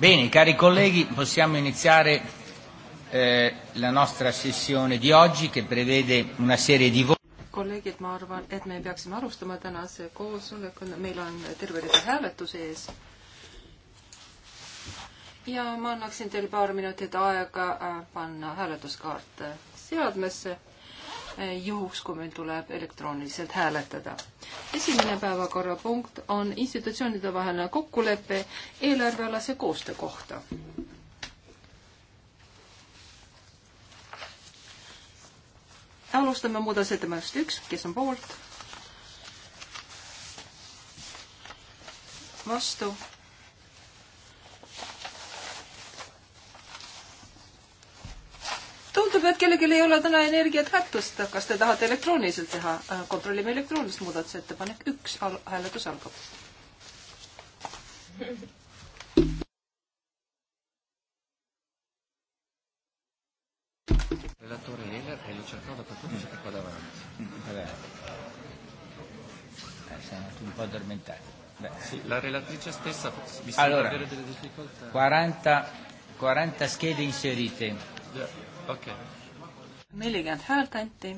Bene, cari colleghi, possiamo iniziare eh, la nostra sessione di oggi che prevede una serie di voti. kolleegid, ma arvan, et me peaksime alustama tänase koosolekuna, meil on terve rida hääletuse ees. ja ma annaksin teile paar minutit aega äh, panna hääletuskaart seadmesse juhuks, kui meil tuleb elektrooniliselt hääletada. esimene päevakorrapunkt on institutsioonide vaheline kokkulepe eelarvealase koostöö kohta. alustame muudatusettepanekust üks, kes on poolt? vastu tundub, et kellelgi ei ole täna energiat kätust, kas te tahate elektrooniliselt teha? Äh, kontrollime elektroonilist muudatusettepanek, üks al hääletus algab. relatore Heller e l'ho cercato dappertutto perché qua davanti. Vabbè. Eh, siamo tutti un po' addormentati. Beh. Sì, la relatrice stessa mi sembra allora, avere delle difficoltà. 40, 40 schede inserite. Yeah nelikümmend häält anti.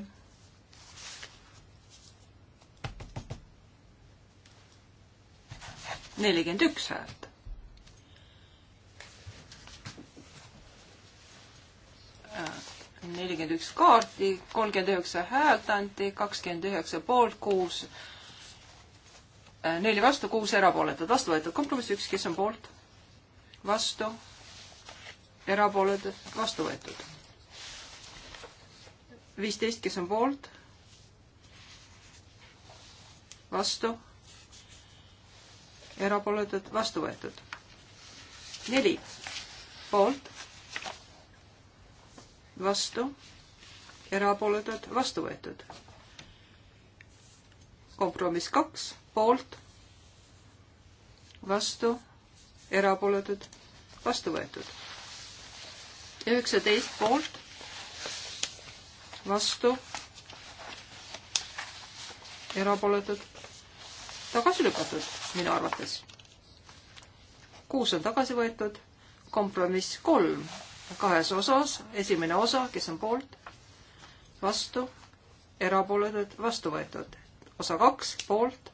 nelikümmend üks häält. nelikümmend üks kaarti, kolmkümmend üheksa häält anti, kakskümmend üheksa poolt, kuus, neli vastu, kuus erapooletut, vastu võetud kompromiss, üks, kes on poolt, vastu, erapooletud, vastu võetud viisteist, kes on poolt? vastu? erapooletud, vastu võetud. neli poolt, vastu, erapooletud, vastu võetud. kompromiss kaks poolt, vastu, erapooletud, vastu võetud. üheksateist poolt vastu, erapooletud, tagasi lükatud minu arvates. kuus on tagasi võetud, kompromiss kolm kahes osas, esimene osa, kes on poolt, vastu, erapooletud, vastu võetud. osa kaks, poolt,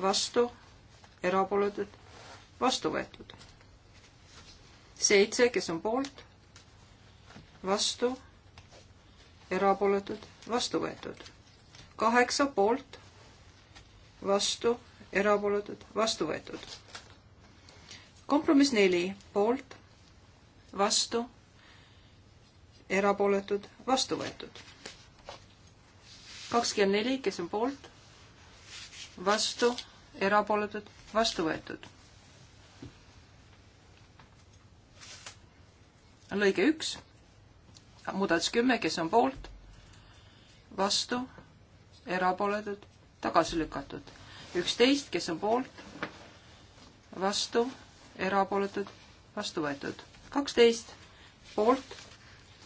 vastu, erapooletud, vastu võetud. seitse, kes on poolt, vastu erapooletud, vastu võetud. kaheksa poolt, vastu, erapooletud, vastu võetud. kompromiss neli poolt, vastu, erapooletud, vastu võetud. kakskümmend neli, kes on poolt, vastu, erapooletud, vastu võetud. lõige üks muudatus kümme, kes on poolt, vastu, erapooletud, tagasi lükatud. üksteist, kes on poolt, vastu, erapooletud, vastu võetud. kaksteist, poolt,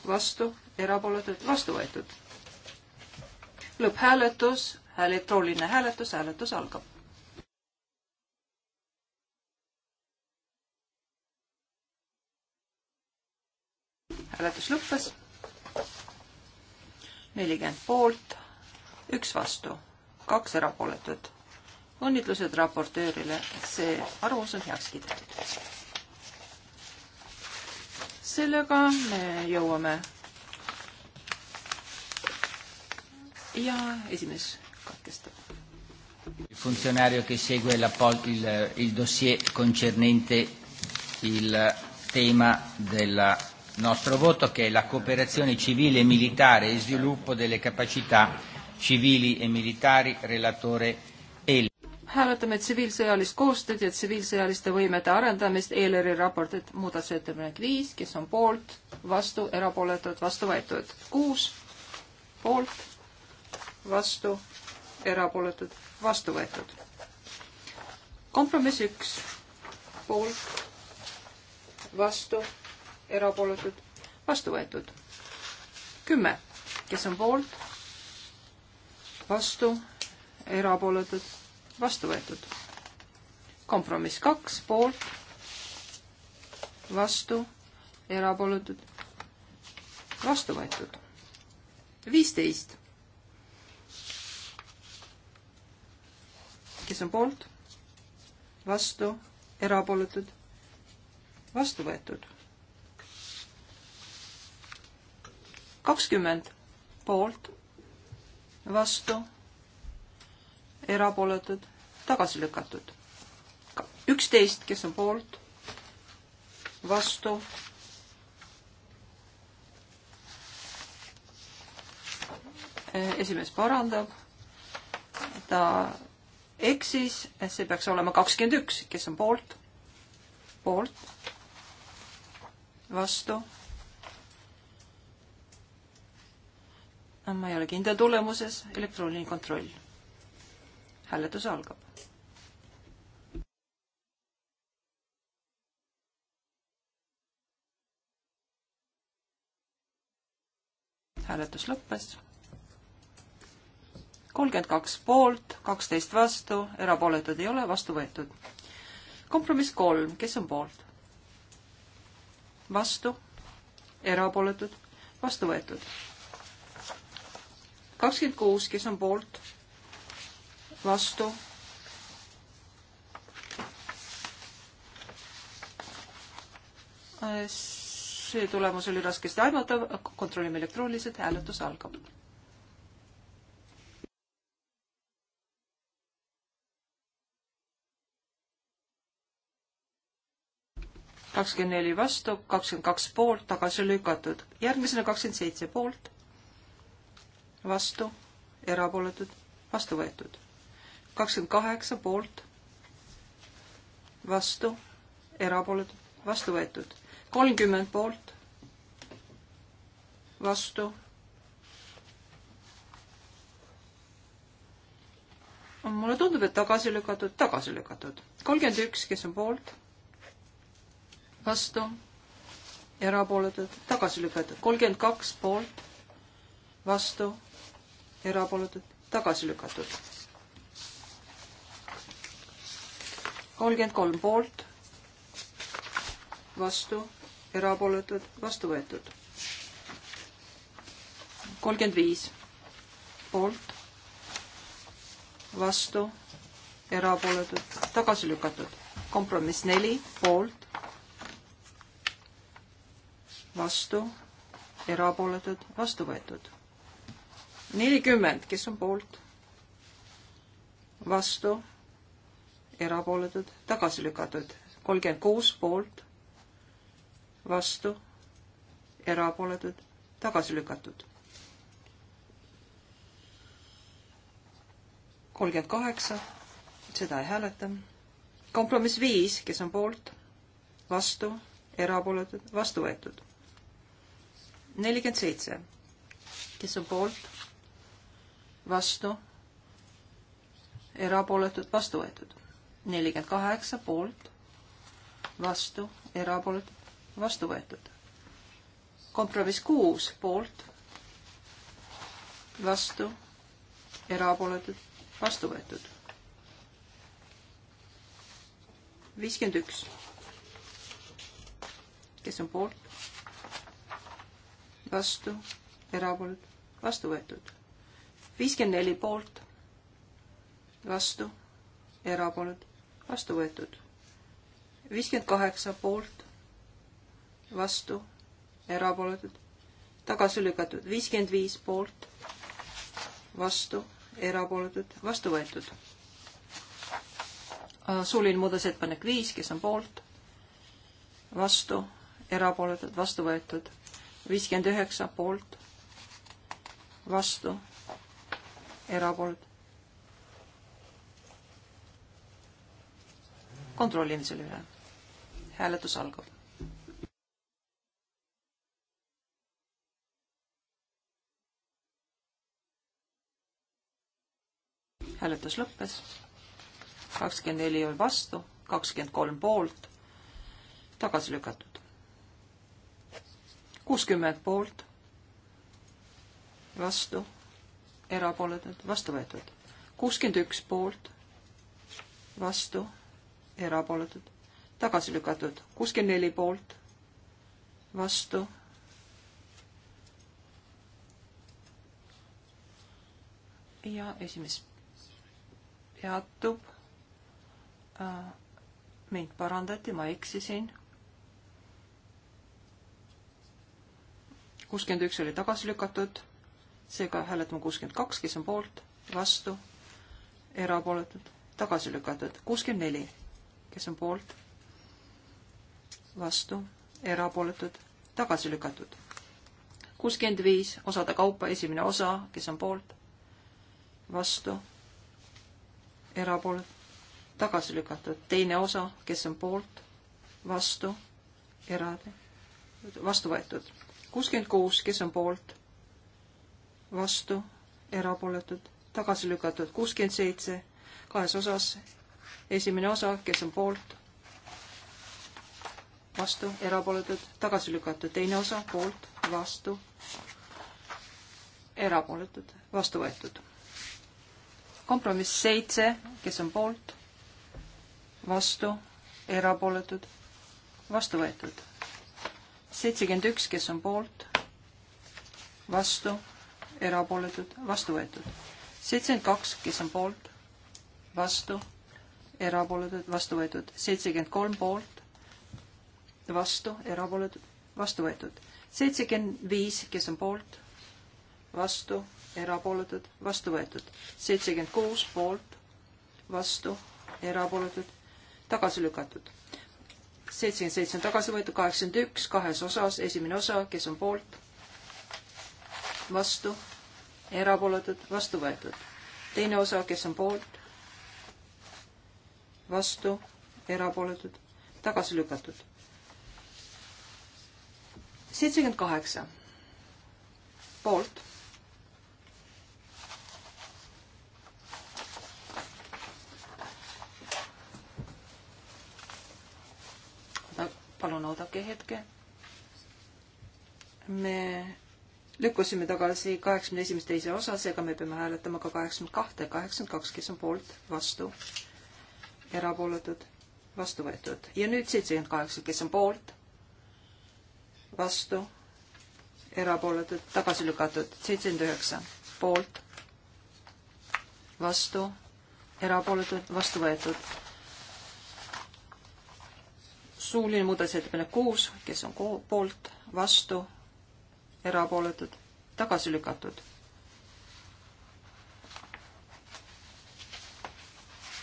vastu, erapooletud, vastu võetud. lõpphääletus, elektrooniline hääletus, hääletus algab. hääletus lõppes nelikümmend poolt, üks vastu, kaks erapooletut. õnnitlused raportöörile, see arvamus on heaks kiidetud. sellega me jõuame ja esimees katkestab. Il funzionario che segue la, il, il dossier concernente il tema della nostro voto che è la cooperazione civile e militare e sviluppo delle capacità siviili e militari, relatore Eli. hääletame tsiviilsõjalist koostööd ja tsiviilsõjaliste võimete arendamist, Eeleri raportit, muudatusettepanek viis, kes on poolt, vastu, erapooletud, vastu võetud. kuus, poolt, vastu, erapooletud, vastu võetud. kompromiss üks, poolt, vastu erapooletud, vastu võetud. kümme, kes on poolt, vastu, erapooletud, vastu võetud. kompromiss kaks, poolt, vastu, erapooletud, vastu võetud. viisteist kes on poolt, vastu, erapooletud, vastu võetud. kakskümmend poolt, vastu, erapooletud, tagasi lükatud. üksteist, kes on poolt, vastu, esimees parandab, ta eksis, see peaks olema kakskümmend üks, kes on poolt, poolt, vastu ma ei ole kindel tulemuses, elektrooniline kontroll. hääletus algab. hääletus lõppes. kolmkümmend kaks poolt, kaksteist vastu, erapooletud ei ole, vastu võetud. kompromiss kolm, kes on poolt? vastu, erapooletud, vastu võetud kakskümmend kuus, kes on poolt, vastu. see tulemus oli raskesti aimatav, kontrollime elektrooniliselt, hääletus algab. kakskümmend neli vastu, kakskümmend kaks poolt, tagasi lükatud. järgmisena kakskümmend seitse poolt vastu, erapooletud, vastu võetud. kakskümmend kaheksa poolt, vastu, erapooletud, vastu võetud. kolmkümmend poolt, vastu. mulle tundub, et tagasi lükatud, tagasi lükatud. kolmkümmend üks, kes on poolt, vastu, erapooletud, tagasi lükatud. kolmkümmend kaks poolt, vastu erapooletud, tagasi lükatud. kolmkümmend kolm poolt, vastu, erapooletud, vastu võetud. kolmkümmend viis poolt, vastu, erapooletud, tagasi lükatud. kompromiss neli poolt, vastu, erapooletud, vastu võetud nelikümmend, kes on poolt? vastu, erapooletud, tagasi lükatud, kolmkümmend kuus poolt, vastu, erapooletud, tagasi lükatud. kolmkümmend kaheksa, seda ei hääleta. kompromiss viis, kes on poolt, vastu, erapooletud, vastu võetud. nelikümmend seitse, kes on poolt vastu, erapooletud, vastu võetud. nelikümmend kaheksa poolt, vastu, erapooletud, vastu võetud. kompromiss kuus poolt, vastu, erapooletud, vastu võetud. viiskümmend üks. kes on poolt? vastu, erapooletud, vastu võetud viiskümmend neli poolt, vastu, erapooletud, vastu võetud. viiskümmend kaheksa poolt, vastu, erapooletud, tagasi lükatud. viiskümmend viis poolt, vastu, erapooletud, vastu võetud. Äh, suuline muudatusettepanek viis, kes on poolt, vastu, erapooletud, vastu võetud. viiskümmend üheksa poolt, vastu erapoolt. kontrollime selle üle. hääletus algab. hääletus lõppes. kakskümmend neli oli vastu, kakskümmend kolm poolt, tagasi lükatud. kuuskümmend poolt, vastu, erapooletud, vastu võetud. kuuskümmend üks poolt, vastu, erapooletud, tagasi lükatud. kuuskümmend neli poolt, vastu. ja esimees peatub. Äh, mind parandati, ma eksisin kuuskümmend üks oli tagasi lükatud, seega hääletame kuuskümmend kaks, kes on poolt, vastu, erapooletud, tagasi lükatud. kuuskümmend neli, kes on poolt, vastu, erapooletud, tagasi lükatud. kuuskümmend viis, osade kaupa esimene osa, kes on poolt, vastu, erapooletud, tagasi lükatud. teine osa, kes on poolt, vastu, eraldi, vastu võetud. kuuskümmend kuus, kes on poolt vastu, erapooletud, tagasi lükatud kuuskümmend seitse, kahes osas. esimene osa, kes on poolt, vastu, erapooletud, tagasi lükatud, teine osa poolt, vastu, erapooletud, vastu võetud. kompromiss seitse, kes on poolt, vastu, erapooletud, vastu võetud. seitsekümmend üks, kes on poolt, vastu erapooletud, vastu võetud. seitsekümmend kaks, kes on poolt, vastu, erapooletud, vastu võetud. seitsekümmend kolm poolt, vastu, erapooletud, vastu võetud. seitsekümmend viis, kes on poolt, vastu, erapooletud, vastu võetud. seitsekümmend kuus poolt, vastu, erapooletud, tagasi lükatud. seitsekümmend seitse on tagasi võetud, kaheksakümmend üks kahes osas, esimene osa, kes on poolt, vastu, erapooletud, vastu võetud. teine osa, kes on poolt, vastu, erapooletud, tagasi lükatud. seitsekümmend kaheksa, poolt. palun oodake hetke. me lükkusime tagasi kaheksakümne esimese teise osa, seega me peame hääletama ka kaheksakümmend kahte, kaheksakümmend kaks, kes on poolt, vastu, erapooletud, vastu võetud. ja nüüd seitsekümmend kaheksa, kes on poolt, vastu, erapooletud, tagasi lükatud, seitsekümmend üheksa, poolt, vastu, erapooletud, vastu võetud. suuline muudatusettepanek kuus, kes on poolt, vastu erapooletud, tagasi lükatud.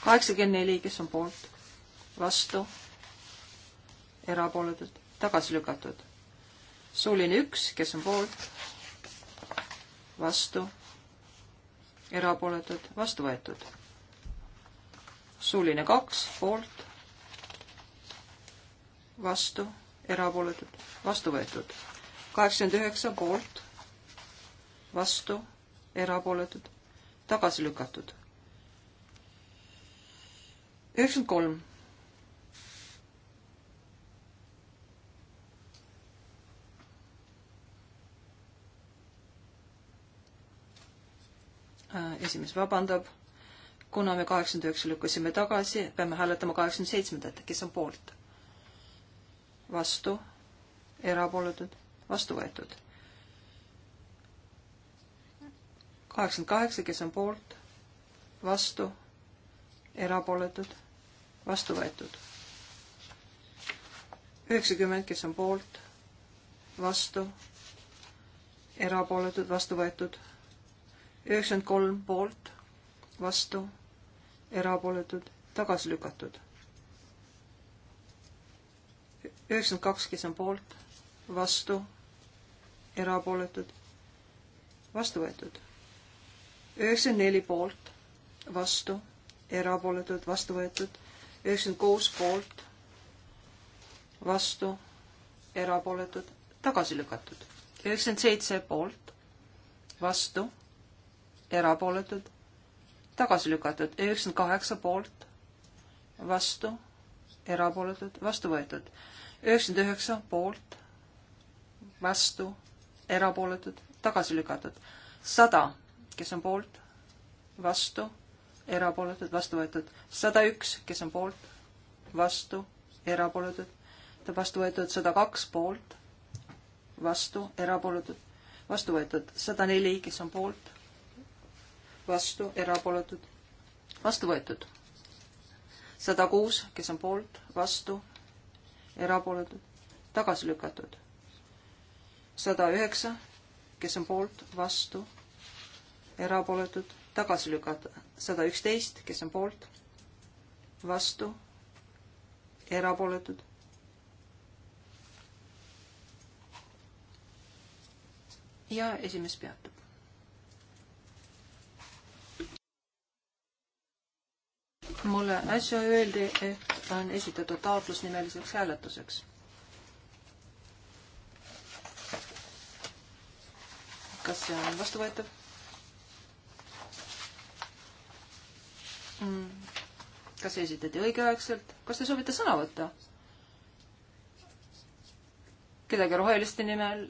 kaheksakümmend neli, kes on poolt, vastu, erapooletud, tagasi lükatud. suuline üks, kes on poolt, vastu, erapooletud, vastu võetud. suuline kaks, poolt, vastu, erapooletud, vastu võetud kaheksakümmend üheksa poolt, vastu, erapooletud, tagasi lükatud. üheksakümmend kolm. Äh, esimees vabandab, kuna me kaheksakümmend üheksa lükkasime tagasi, peame hääletama kaheksakümne seitsmendat, kes on poolt? vastu, erapooletud, vastu võetud. kaheksakümmend kaheksa, kes on poolt, vastu, erapooletud, vastu võetud. üheksakümmend, kes on poolt, vastu, erapooletud, vastu võetud. üheksakümmend kolm poolt, vastu, erapooletud, tagasi lükatud üheksakümmend kaks, kes on poolt, vastu, erapooletud, vastu võetud. üheksakümmend neli poolt, vastu, erapooletud, vastu võetud. üheksakümmend kuus poolt, vastu, erapooletud, tagasi lükatud. üheksakümmend seitse poolt, vastu, erapooletud, tagasi lükatud. üheksakümmend kaheksa poolt, vastu, erapooletud, vastu võetud. üheksakümmend üheksa poolt, vastu erapooletud, tagasi lükatud. sada, kes on poolt, vastu, erapooletud, vastu võetud. sada üks, kes on poolt, vastu, erapooletud, vastu võetud. sada kaks poolt, vastu, erapooletud, vastu võetud. sada neli, kes on poolt, vastu, erapooletud, vastu võetud. sada kuus, kes on poolt, vastu, erapooletud, tagasi lükatud sada üheksa, kes on poolt, vastu, erapooletud, tagasi lükata. sada üksteist, kes on poolt, vastu, erapooletud. ja esimees peatub. mulle äsja öeldi, et on esitatud taotlus nimeliseks hääletuseks kas see on vastuvõetav mm.? kas see esitati õigeaegselt? kas te soovite sõna võtta? kedagi roheliste nimel,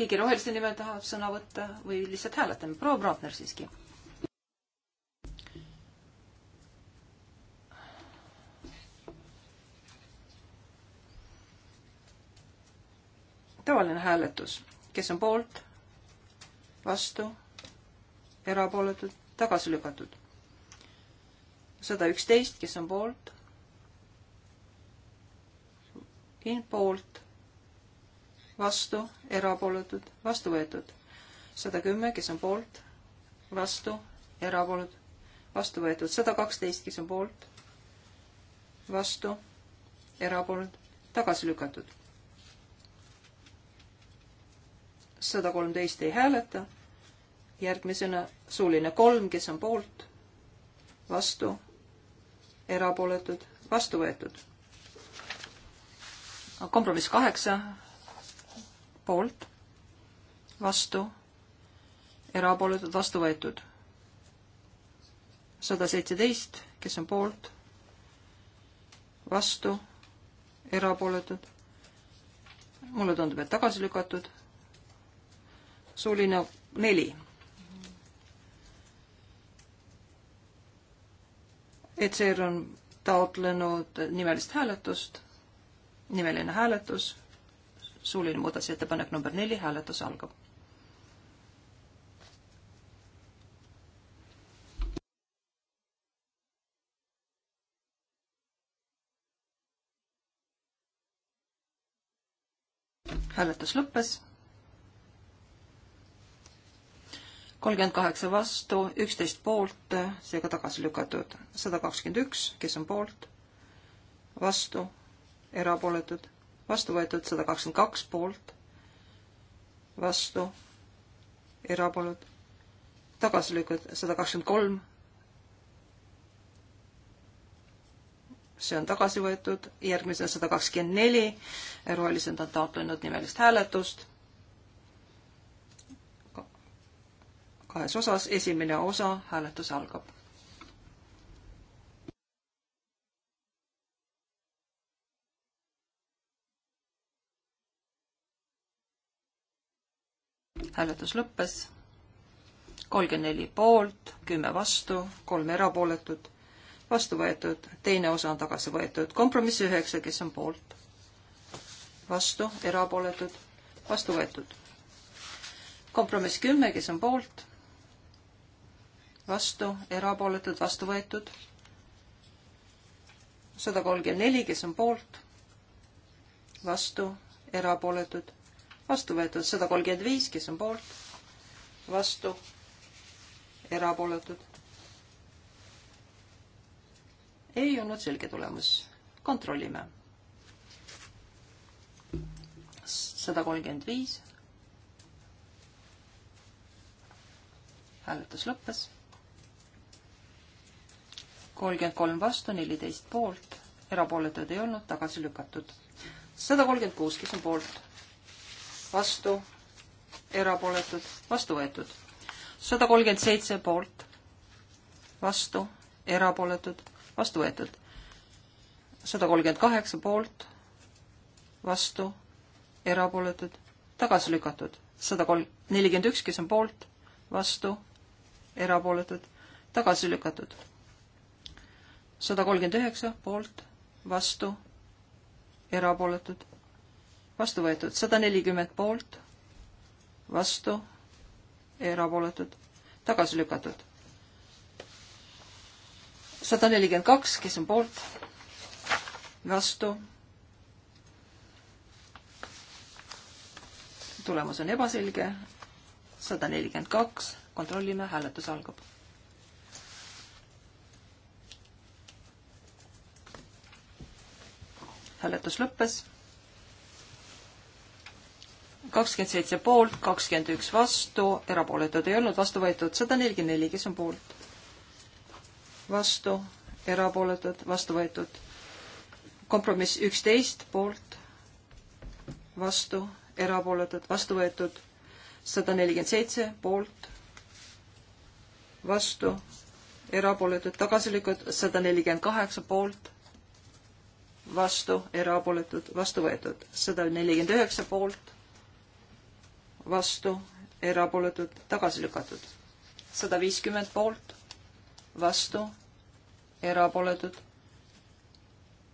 keegi roheliste nimel tahab sõna võtta või lihtsalt hääletame? proua Brandner siiski tavaline hääletus, kes on poolt, vastu, erapooletud, tagasi lükatud. sada üksteist, kes on poolt? poolt, vastu, erapooletud, vastu võetud. sada kümme, kes on poolt, vastu, erapooletud, vastu võetud. sada kaksteist, kes on poolt, vastu, erapooletud, tagasi lükatud. sada kolmteist ei hääleta järgmisena suuline kolm, kes on poolt, vastu, erapooletud, vastu võetud. kompromiss kaheksa, poolt, vastu, erapooletud, vastu võetud. sada seitseteist, kes on poolt, vastu, erapooletud. mulle tundub, et tagasi lükatud. suuline neli ECR on taotlenud nimelist hääletust, nimeline hääletus, suuline muudatusettepanek number neli, hääletus algab. hääletus lõppes kolmkümmend kaheksa vastu, üksteist poolt, seega tagasi lükatud. sada kakskümmend üks, kes on poolt, vastu, erapooletud, vastu võetud sada kakskümmend kaks poolt, vastu, erapooletud, tagasi lükatud sada kakskümmend kolm, see on tagasi võetud, järgmisena sada kakskümmend neli, rohelised on taotlenud nimelist hääletust kahes osas, esimene osa, hääletus algab. hääletus lõppes, kolmkümmend neli poolt, kümme vastu, kolm erapooletut, vastu võetud, teine osa on tagasi võetud, kompromiss üheksa, kes on poolt, vastu, erapooletud, vastu võetud. kompromiss kümme, kes on poolt, vastu, erapooletud, vastu võetud. sada kolmkümmend neli, kes on poolt, vastu, erapooletud, vastu võetud. sada kolmkümmend viis, kes on poolt, vastu, erapooletud. ei olnud selge tulemus. kontrollime. sada kolmkümmend viis. hääletus lõppes kolmkümmend kolm vastu, neliteist poolt, erapooletuid ei olnud, tagasi lükatud. sada kolmkümmend kuus, kes on poolt, vastu, erapooletud, vastu võetud. sada kolmkümmend seitse poolt, vastu, erapooletud, vastu võetud. sada kolmkümmend kaheksa poolt, vastu, erapooletud, tagasi lükatud. sada kolm, nelikümmend üks, kes on poolt, vastu, erapooletud, tagasi lükatud sada kolmkümmend üheksa poolt, vastu, erapooletud, vastu võetud, sada nelikümmend poolt, vastu, erapooletud, tagasi lükatud. sada nelikümmend kaks, kes on poolt, vastu, tulemus on ebaselge, sada nelikümmend kaks, kontrollime, hääletus algab hääletus lõppes. kakskümmend seitse poolt, kakskümmend üks vastu, erapooletud ei olnud, vastu võetud sada nelikümmend neli, kes on poolt? vastu, erapooletud, vastu võetud. kompromiss üksteist poolt, vastu, erapooletud, vastu võetud sada nelikümmend seitse poolt, vastu, erapooletud, tagasi lükatud sada nelikümmend kaheksa poolt vastu, erapooletud, vastu võetud. sada nelikümmend üheksa poolt, vastu, erapooletud, tagasi lükatud. sada viiskümmend poolt, vastu, erapooletud.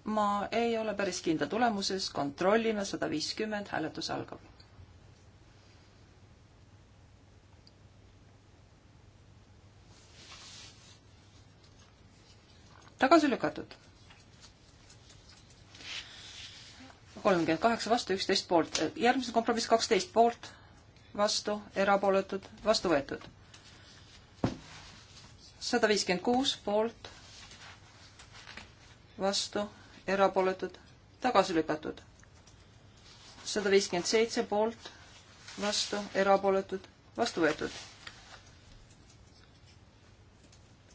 ma ei ole päris kindla tulemuses, kontrollime sada viiskümmend, hääletus algab. tagasi lükatud kolmkümmend kaheksa vastu, üksteist poolt. järgmise kompromiss kaksteist poolt, vastu, erapooletud, vastu võetud. sada viiskümmend kuus poolt, vastu, erapooletud, tagasi lükatud. sada viiskümmend seitse poolt, vastu, erapooletud, vastu võetud.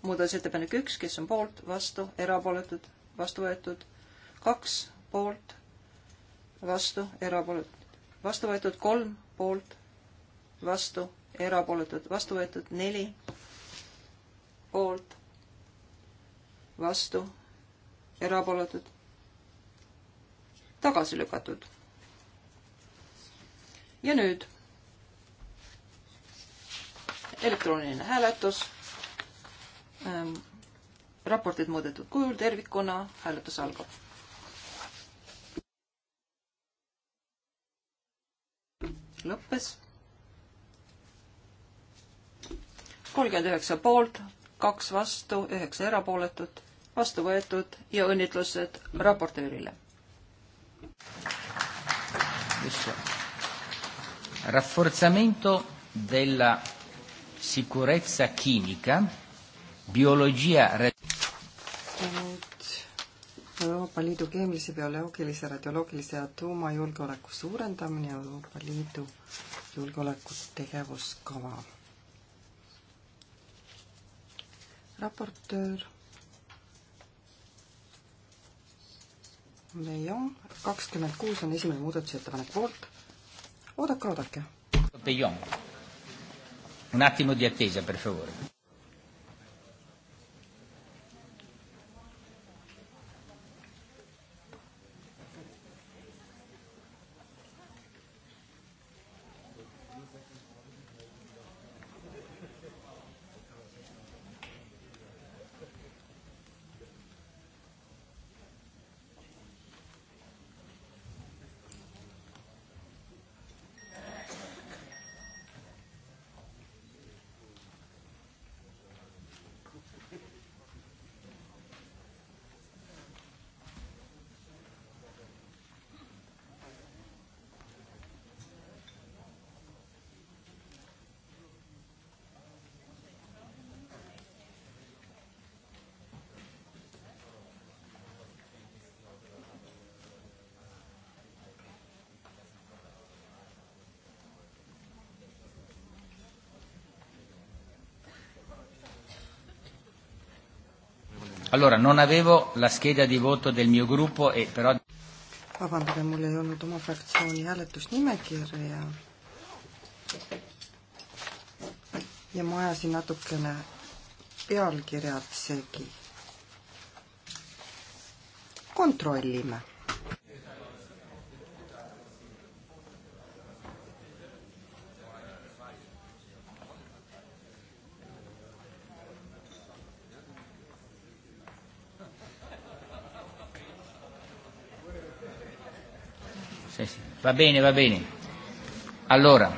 muudatusettepanek üks, kes on poolt, vastu, erapooletud, vastu võetud. kaks poolt, vastu, erapooletud, vastu võetud kolm poolt, vastu, erapooletud, vastu võetud neli poolt, vastu, erapooletud, tagasi lükatud. ja nüüd elektrooniline hääletus ähm,. raportid muudetud kujul tervikuna, hääletus algab lõppes. kolmkümmend üheksa poolt, kaks vastu, üheksa erapooletut, vastu võetud ja õnnitlused raportöörile. Rafforzamento della sicurezza chimica, biologia Euroopa Liidu keemilise, bioloogilise, radioloogilise ja tuumajulgeoleku suurendamine Euroopa Liidu julgeolekutegevuskava. raportöör Leon, kakskümmend kuus on esimene muudatusettepanek poolt. oodake, oodake. Un attimo di attesa, per favore. Allora, non avevo la scheda di voto del mio gruppo e però... vabandage, mul ei olnud oma fraktsiooni hääletusnimekirja. ja ma ajasin natukene pealkirjad segi. kontrollime Sì, sì. Va bene, va bene. Allora,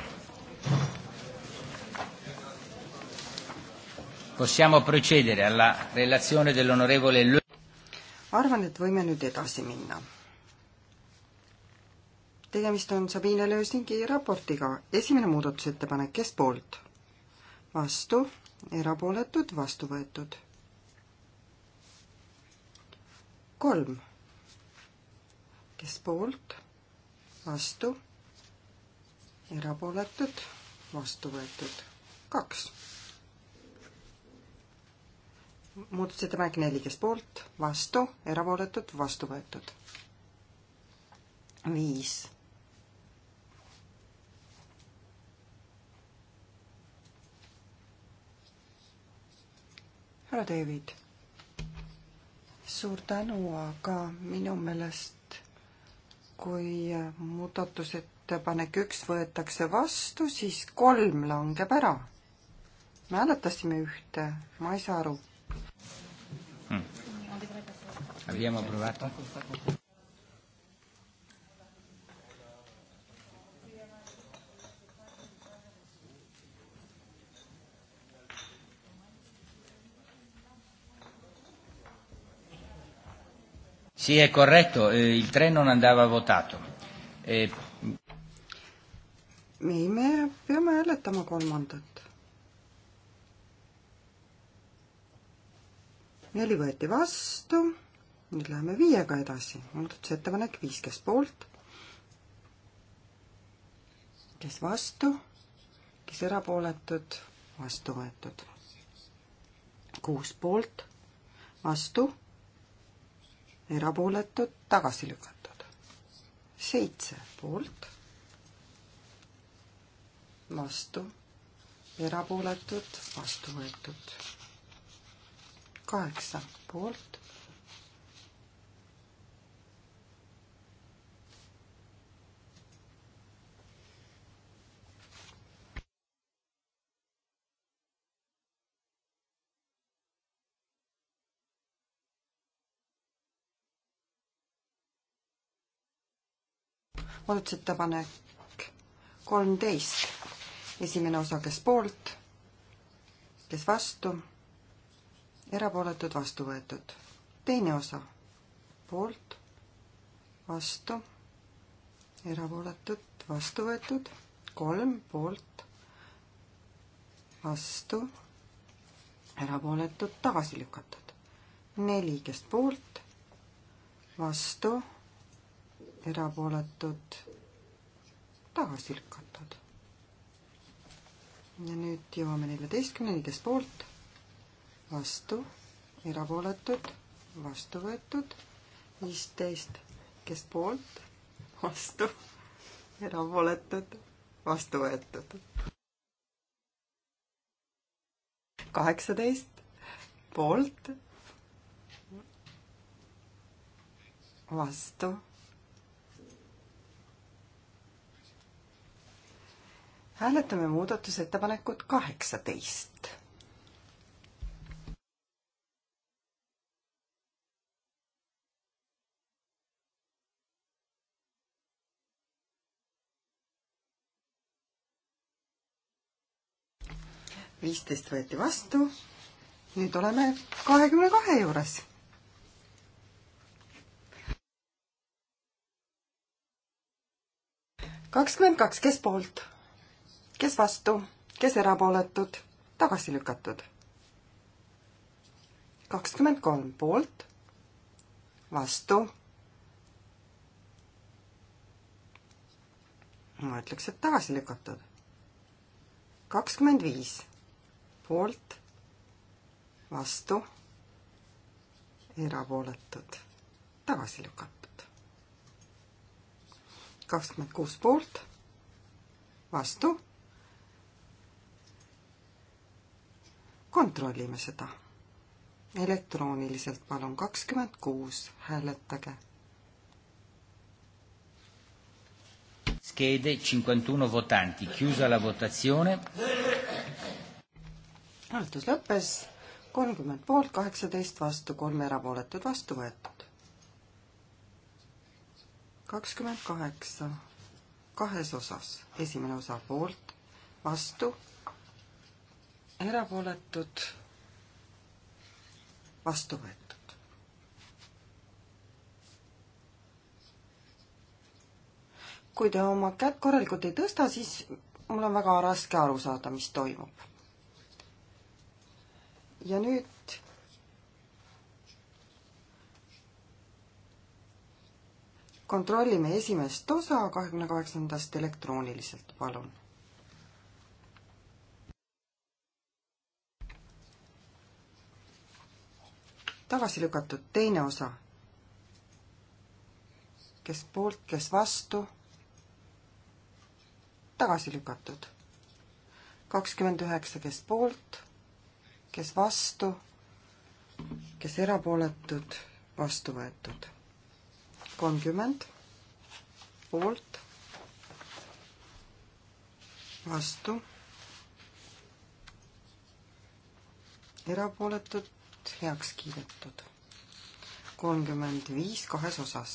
possiamo procedere alla relazione dell'onorevole Lö- arvan, et võime nüüd edasi minna. tegemist on Sabine Lösingi raportiga. esimene muudatusettepanek, kes poolt? vastu, erapooletud, vastu võetud. kolm. kes poolt? vastu, erapooletud, vastu võetud kaks. muudatusettepanek neli, kes poolt, vastu, erapooletud, vastu võetud. viis. härra David, suur tänu, aga minu meelest kui muudatusettepanek üks võetakse vastu, siis kolm langeb ära. me hääletasime ühte, ma ei saa aru hmm.. Sì, è corretto, eh, il 3 non andava votato. Eh... ei, me peame hääletama kolmandat. neli võeti vastu, nüüd läheme viiega edasi, muudatusettepanek viis, kes poolt, kes vastu, kes erapooletud, vastu võetud. kuus poolt, vastu erapooletud, tagasi lükatud. seitse poolt, vastu, erapooletud, vastu võetud. kaheksa poolt, muudatusettepanek kolmteist, esimene osa, kes poolt, kes vastu, erapooletud, vastu võetud. teine osa, poolt, vastu, erapooletud, vastu võetud, kolm poolt, vastu, erapooletud, tagasi lükatud. neli, kes poolt, vastu erapooletud, tagasi lükatud. ja nüüd jõuame neljateistkümneni, kes poolt, vastu, erapooletud, vastu võetud, viisteist, kes poolt, vastu, erapooletud, vastu võetud. kaheksateist, poolt, vastu hääletame muudatusettepanekut kaheksateist. viisteist võeti vastu. nüüd oleme kahekümne kahe juures kakskümmend kaks, kes poolt? kes vastu, kes erapooletud, tagasi lükatud. kakskümmend kolm poolt, vastu. ma ütleks, et tagasi lükatud. kakskümmend viis poolt, vastu, erapooletud, tagasi lükatud. kakskümmend kuus poolt, vastu kontrollime seda. elektrooniliselt palun kakskümmend kuus, hääletage. Schede cinquantuno votanti, chiusa la votazione. hääletus lõppes, kolmkümmend poolt, kaheksateist vastu, kolm erapooletut vastu võetud. kakskümmend kaheksa, kahes osas, esimene osa poolt, vastu erapooletud, vastu võetud. kui te oma kätt korralikult ei tõsta, siis mul on väga raske aru saada, mis toimub. ja nüüd kontrollime esimest osa kahekümne kaheksandast elektrooniliselt, palun tagasi lükatud teine osa. kes poolt, kes vastu, tagasi lükatud. kakskümmend üheksa, kes poolt, kes vastu, kes erapooletud, vastu võetud. kolmkümmend poolt, vastu erapooletud poolt heaks kiidetud. kolmkümmend viis kahes osas.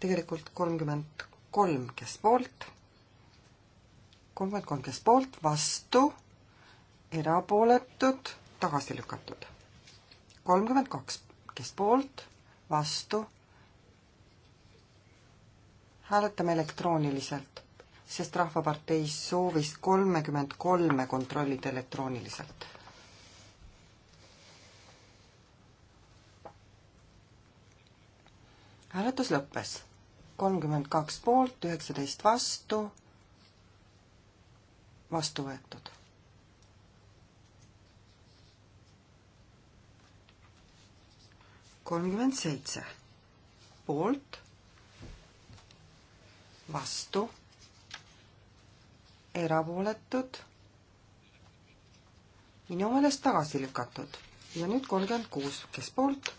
tegelikult kolmkümmend kolm, kes poolt, kolmkümmend kolm, kes poolt, vastu, erapooletud, tagasi lükatud. kolmkümmend kaks, kes poolt vastu. hääletame elektrooniliselt, sest Rahvapartei soovis kolmekümmend kolme kontrollida elektrooniliselt. hääletus lõppes kolmkümmend kaks poolt, üheksateist vastu, vastu võetud kolmkümmend seitse poolt, vastu, erapooletud, minu meelest tagasi lükatud ja nüüd kolmkümmend kuus, kes poolt,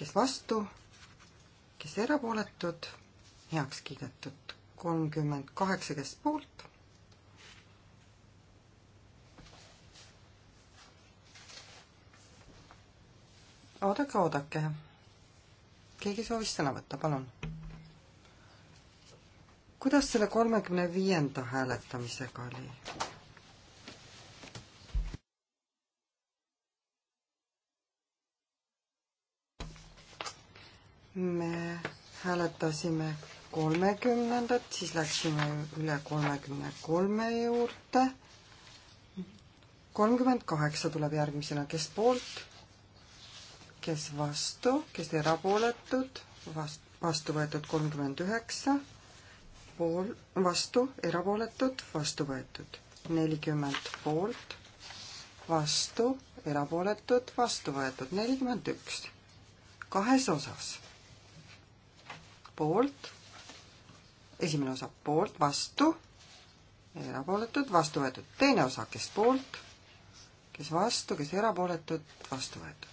kes vastu, kes erapooletud, heaks kiidetud, kolmkümmend kaheksa, kes poolt oodake, oodake. keegi soovis sõna võtta, palun. kuidas selle kolmekümne viienda hääletamisega oli? me hääletasime kolmekümnendat, siis läksime üle kolmekümne kolme juurde. kolmkümmend kaheksa tuleb järgmisena, kes poolt? kes vastu, kes erapooletud, vast-, vastu võetud kolmkümmend üheksa, pool, vastu, erapooletud, vastu võetud nelikümmend poolt, vastu, erapooletud, vastu võetud nelikümmend üks, kahes osas. poolt, esimene osa poolt, vastu, erapooletud, vastu võetud, teine osa, kes poolt, kes vastu, kes erapooletud, vastu võetud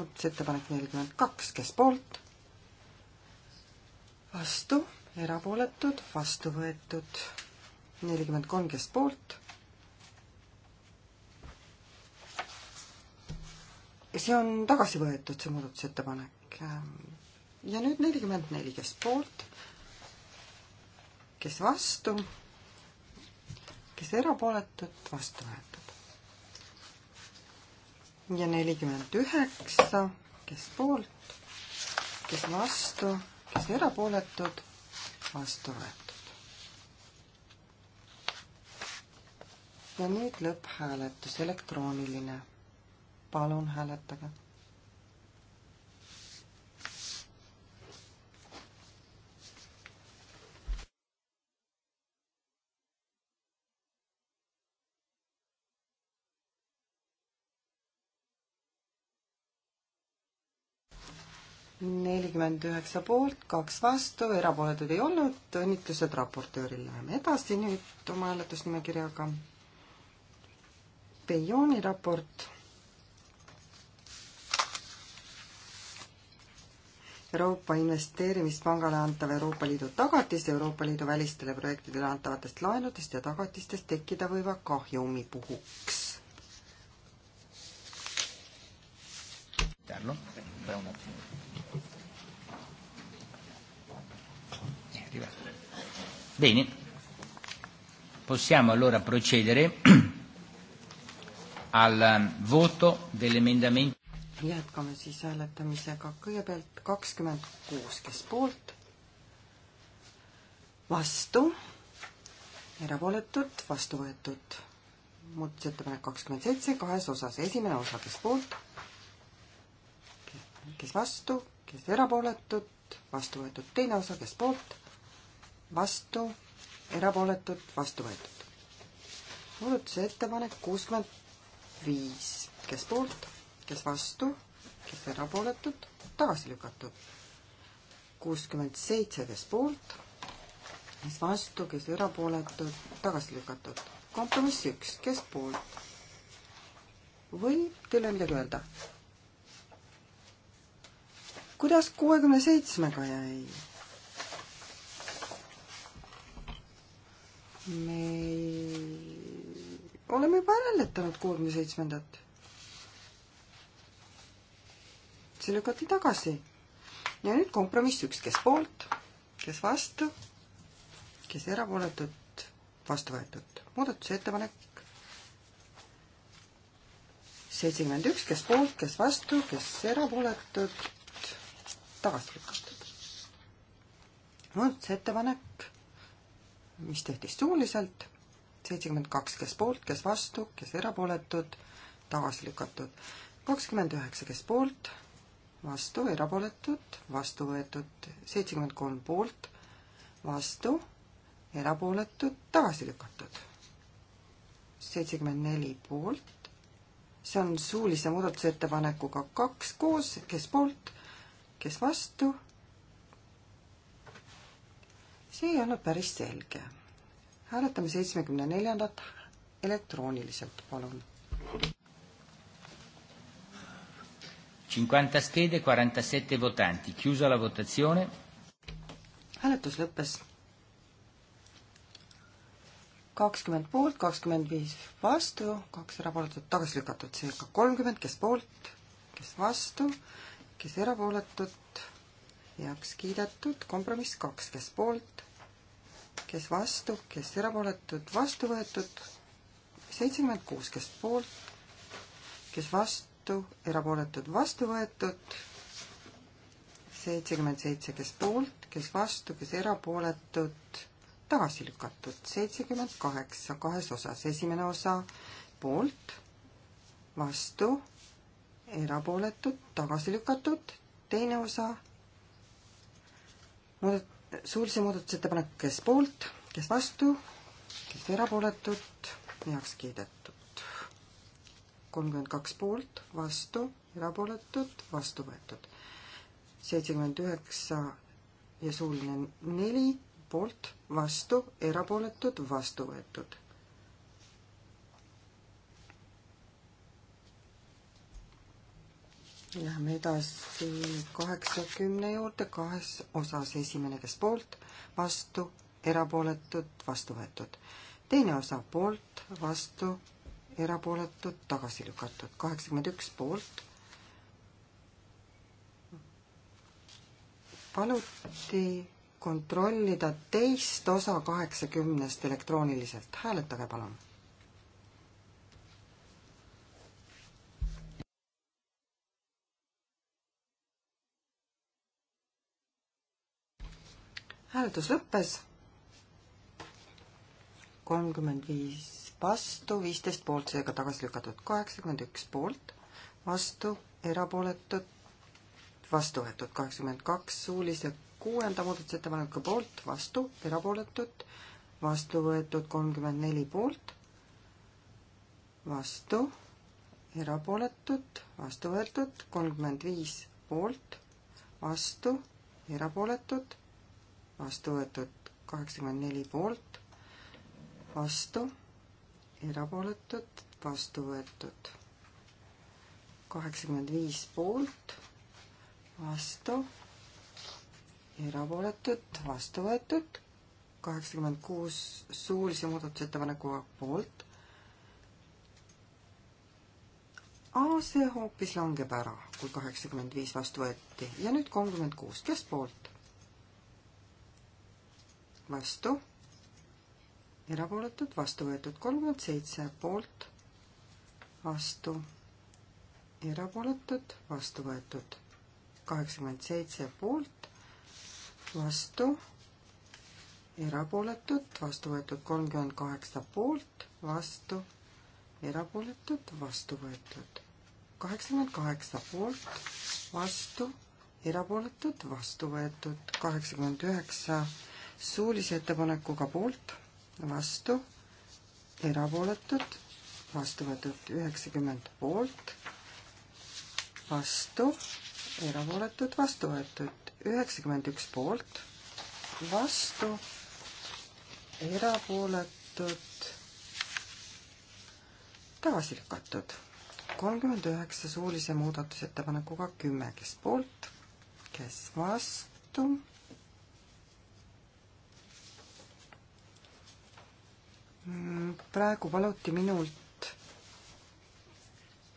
muudatusettepanek nelikümmend kaks, kes poolt? vastu, erapooletud, vastu võetud nelikümmend kolm, kes poolt. see on tagasi võetud, see muudatusettepanek. ja nüüd nelikümmend neli, kes poolt, kes vastu, kes erapooletud, vastu võetud ja nelikümmend üheksa, kes poolt, kes vastu, kes erapooletud, vastu võetud. ja nüüd lõpphääletus, elektrooniline. palun hääletage nelikümmend üheksa poolt, kaks vastu, erapooletuid ei olnud, õnnitlused raportööril. Läheme edasi nüüd oma hääletusnimekirjaga. Bejoni raport. Euroopa Investeerimispangale antav Euroopa Liidu tagatis Euroopa Liidu välistele projektidele antavatest laenudest ja tagatistest tekkida võiva kahjumi puhuks. Pärnu, pea un attimo. arrivato. Bene, possiamo allora procedere al ehm, voto dell'emendamento. jätkame siis hääletamisega kõigepealt kakskümmend kuus, kes poolt, vastu, erapooletud, vastu võetud. muudatusettepanek kakskümmend seitse kahes osas, esimene osa, kes poolt, kes vastu, kes erapooletud, vastu võetud teine osa, kes poolt, vastu, erapooletud, vastu võetud. muudatusettepanek kuuskümmend viis, kes poolt, kes vastu, kes erapooletud, tagasi lükatud. kuuskümmend seitse, kes poolt, kes vastu, kes erapooletud, tagasi lükatud. kompromiss üks, kes poolt. või teil on midagi öelda? kuidas kuuekümne seitsmega jäi? me oleme juba hääletanud kuuekümne seitsmendat. see lükati tagasi. ja nüüd kompromiss üks, kes poolt, kes vastu, kes erapooletut, vastu võetud. muudatusettepanek seitsekümmend üks, kes poolt, kes vastu, kes erapooletud, tagasi lükatud. muudatusettepanek mis tehti suuliselt, seitsekümmend kaks, kes poolt, kes vastu, kes erapooletud, tagasi lükatud. kakskümmend üheksa, kes poolt, vastu, erapooletud, vastu võetud, seitsekümmend kolm poolt, vastu, erapooletud, tagasi lükatud. seitsekümmend neli poolt, see on suulise muudatusettepanekuga kaks koos, kes poolt, kes vastu see ei ole päris selge. hääletame seitsmekümne neljandat elektrooniliselt, palun. Cinquanta schede, quarantasette votanti, chiusa la votatsioone. hääletus lõppes. kakskümmend poolt, kakskümmend viis vastu, kaks erapooletut tagasi lükatud, seega kolmkümmend, kes poolt, kes vastu, kes erapooletut heaks kiidetud, kompromiss kaks, kes poolt, kes vastu, kes erapooletud, vastu võetud, seitsekümmend kuus, kes poolt, kes vastu, erapooletud, vastu võetud, seitsekümmend seitse, kes poolt, kes vastu, kes erapooletud, tagasi lükatud, seitsekümmend kaheksa kahes osas, esimene osa poolt, vastu, erapooletud, tagasi lükatud, teine osa muudat-, suulise muudatusettepanek, kes poolt, kes vastu, kes erapooletud, heaks kiidetud. kolmkümmend kaks poolt, vastu, erapooletud, vastu võetud. seitsekümmend üheksa ja suuline neli poolt, vastu, erapooletud, vastu võetud Läheme edasi kaheksakümne juurde kahes osas. esimene, kes poolt, vastu, erapooletud, vastu võetud. teine osa poolt, vastu, erapooletud, tagasi lükatud. kaheksakümmend üks poolt. paluti kontrollida teist osa kaheksakümnest elektrooniliselt. hääletage palun hääletus lõppes. kolmkümmend viis vastu, viisteist poolt, seega tagasi lükatud kaheksakümmend üks poolt, vastu, erapooletud, vastu võetud kaheksakümmend kaks suulise kuuenda muudatusettepaneku poolt, vastu, erapooletud, vastu võetud kolmkümmend neli poolt, vastu, erapooletud, vastu võetud kolmkümmend viis poolt, vastu, erapooletud, vastu võetud kaheksakümmend neli poolt, vastu, erapooletud, vastu võetud kaheksakümmend viis poolt, vastu, erapooletud, vastu võetud, kaheksakümmend kuus suulise muudatusettepanekuga poolt aa, see hoopis langeb ära, kui kaheksakümmend viis vastu võeti ja nüüd kolmkümmend kuus, kes poolt? vastu, erapooletud, vastu võetud kolmkümmend seitse poolt, vastu, erapooletud, vastu võetud kaheksakümmend seitse poolt, vastu, erapooletud, vastu võetud kolmkümmend kaheksa poolt, vastu, erapooletud, vastu võetud kaheksakümmend kaheksa poolt, vastu, erapooletud, vastu võetud kaheksakümmend üheksa poolt suulise ettepanekuga poolt, vastu, erapooletud, vastu võetud üheksakümmend poolt, vastu, erapooletud, vastu võetud üheksakümmend üks poolt, vastu, erapooletud, tagasi lükatud. kolmkümmend üheksa suulise muudatusettepanekuga kümme, kes poolt, kes vastu praegu paluti minult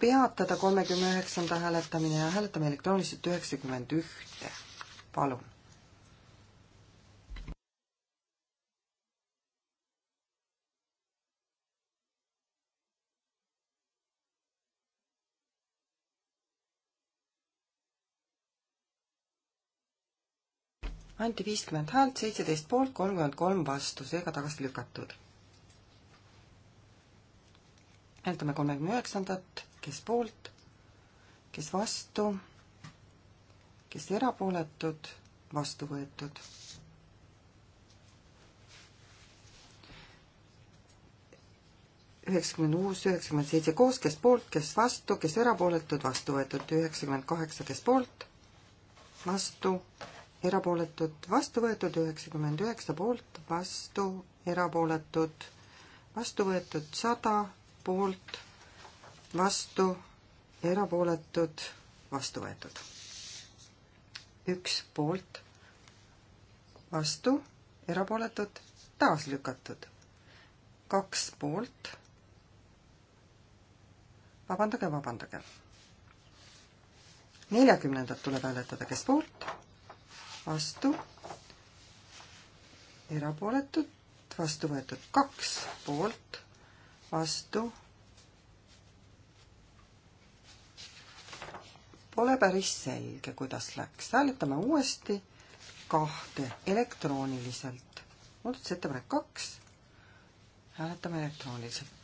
peatada kolmekümne üheksanda hääletamine ja hääletame elektrooniliselt üheksakümmend ühte. palun. anti viiskümmend häält, seitseteist poolt, kolmkümmend kolm vastu, seega tagasi lükatud hääletame kolmekümne üheksandat, kes poolt, kes vastu, kes erapooletud, vastu võetud. üheksakümmend kuus, üheksakümmend seitse koos, kes poolt, kes vastu, kes erapooletud, vastu võetud, üheksakümmend kaheksa, kes poolt, vastu, erapooletud, vastu võetud, üheksakümmend üheksa poolt, vastu, erapooletud, vastu võetud, sada poolt, vastu, erapooletud, vastu võetud. üks poolt, vastu, erapooletud, taas lükatud. kaks poolt. vabandage, vabandage. neljakümnendat tuleb hääletada, kes poolt, vastu, erapooletud, vastu võetud kaks poolt vastu. Pole päris selge, kuidas läks. hääletame uuesti kahte elektrooniliselt. muudatusettepanek kaks. hääletame elektrooniliselt.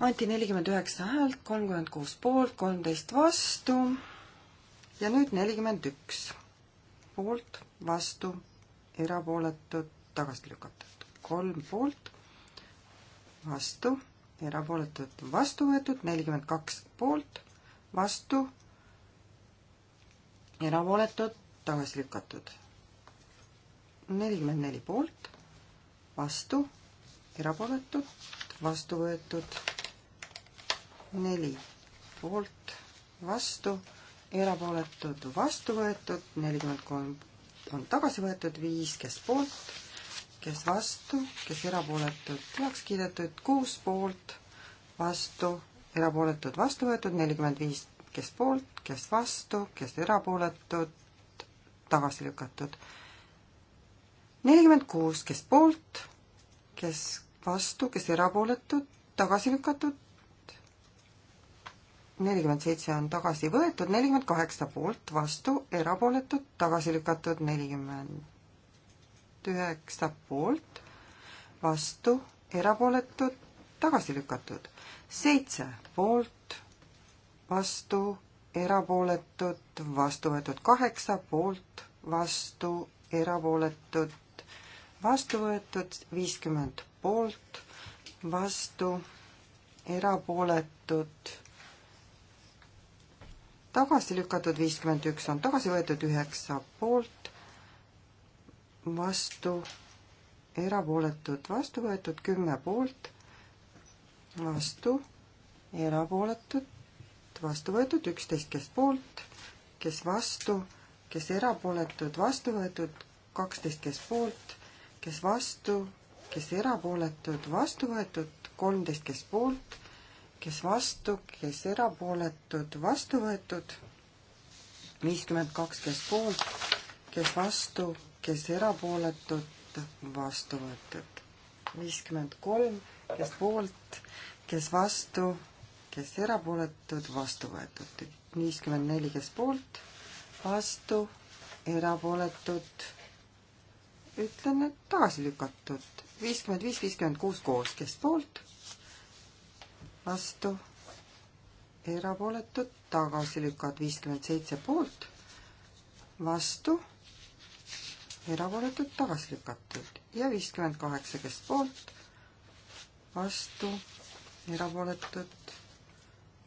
anti nelikümmend üheksa häält, kolmkümmend kuus poolt, kolmteist vastu ja nüüd nelikümmend üks poolt, vastu erapooletud, tagasi lükatud. kolm poolt, vastu, erapooletud, vastu võetud, nelikümmend kaks poolt, vastu, erapooletud, tagasi lükatud. nelikümmend neli poolt, vastu, erapooletud, vastu võetud, neli poolt, vastu, erapooletud, vastu võetud, nelikümmend kolm on tagasi võetud, viis, kes poolt, kes vastu, kes erapooletud, heaks kiidetud, kuus poolt, vastu, erapooletud, vastu võetud, nelikümmend viis, kes poolt, kes vastu, kes erapooletud, tagasi lükatud. nelikümmend kuus, kes poolt, kes vastu, kes erapooletud, tagasi lükatud, nelikümmend seitse on tagasi võetud, nelikümmend kaheksa poolt, vastu, erapooletud, tagasi lükatud, nelikümmend üheksa poolt, vastu, erapooletud, tagasi lükatud, seitse poolt, vastu, erapooletud, vastu võetud kaheksa poolt, vastu, erapooletud, vastu võetud, viiskümmend poolt, vastu, erapooletud tagasi lükatud, viiskümmend üks on tagasi võetud, üheksa poolt, vastu, erapooletud, vastu võetud, kümme poolt, vastu, erapooletud, vastu võetud, üksteist, kes poolt, kes vastu, kes erapooletud, vastu võetud, kaksteist, kes poolt, kes vastu, kes erapooletud, vastu võetud, kolmteist, kes poolt kes vastu, kes erapooletud, vastu võetud. viiskümmend kaks, kes poolt, kes vastu, kes erapooletud, vastu võetud. viiskümmend kolm, kes poolt, kes vastu, kes erapooletud, vastu võetud. viiskümmend neli, kes poolt, vastu, erapooletud, ütlen, et tagasi lükatud. viiskümmend viis, viiskümmend kuus koos, kes poolt vastu, erapooletud, tagasi lükkavad viiskümmend seitse poolt, vastu, erapooletud, tagasi lükatud ja viiskümmend kaheksa, kes poolt, vastu, erapooletud,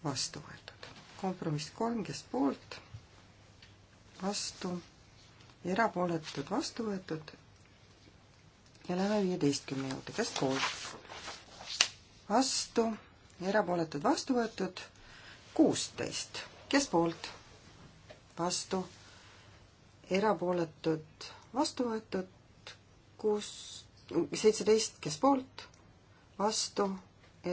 vastu võetud. kompromiss kolm, kes poolt, vastu, erapooletud, vastu võetud ja läheme viieteistkümne juurde, kes poolt, vastu erapooletud vastu võetud kuusteist, kes poolt, vastu, erapooletud vastu võetud kuus, seitseteist, kes poolt, vastu,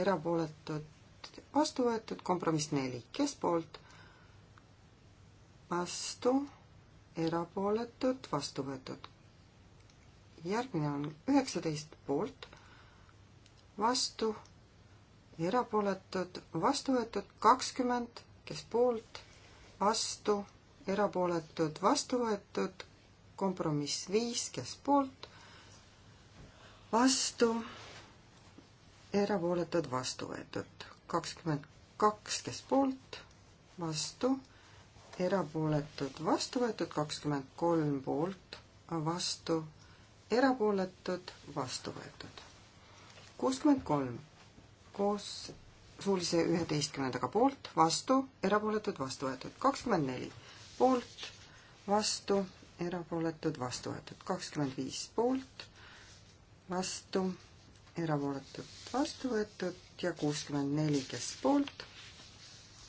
erapooletud vastu võetud, kompromiss neli, kes poolt, vastu, erapooletud vastu võetud. järgmine on üheksateist poolt, vastu erapooletud, vastu võetud kakskümmend, kes poolt, vastu, erapooletud, vastu võetud, kompromiss viis, kes poolt, vastu, erapooletud, vastu võetud, kakskümmend kaks, kes poolt, vastu, erapooletud, vastu võetud, kakskümmend kolm poolt, vastu, erapooletud, vastu võetud. kuuskümmend kolm koos suulise üheteistkümnendaga poolt, vastu, erapooletud, vastu võetud. kakskümmend neli poolt, vastu, erapooletud, vastu võetud. kakskümmend viis poolt, vastu, erapooletud, vastu võetud ja kuuskümmend neli, kes poolt,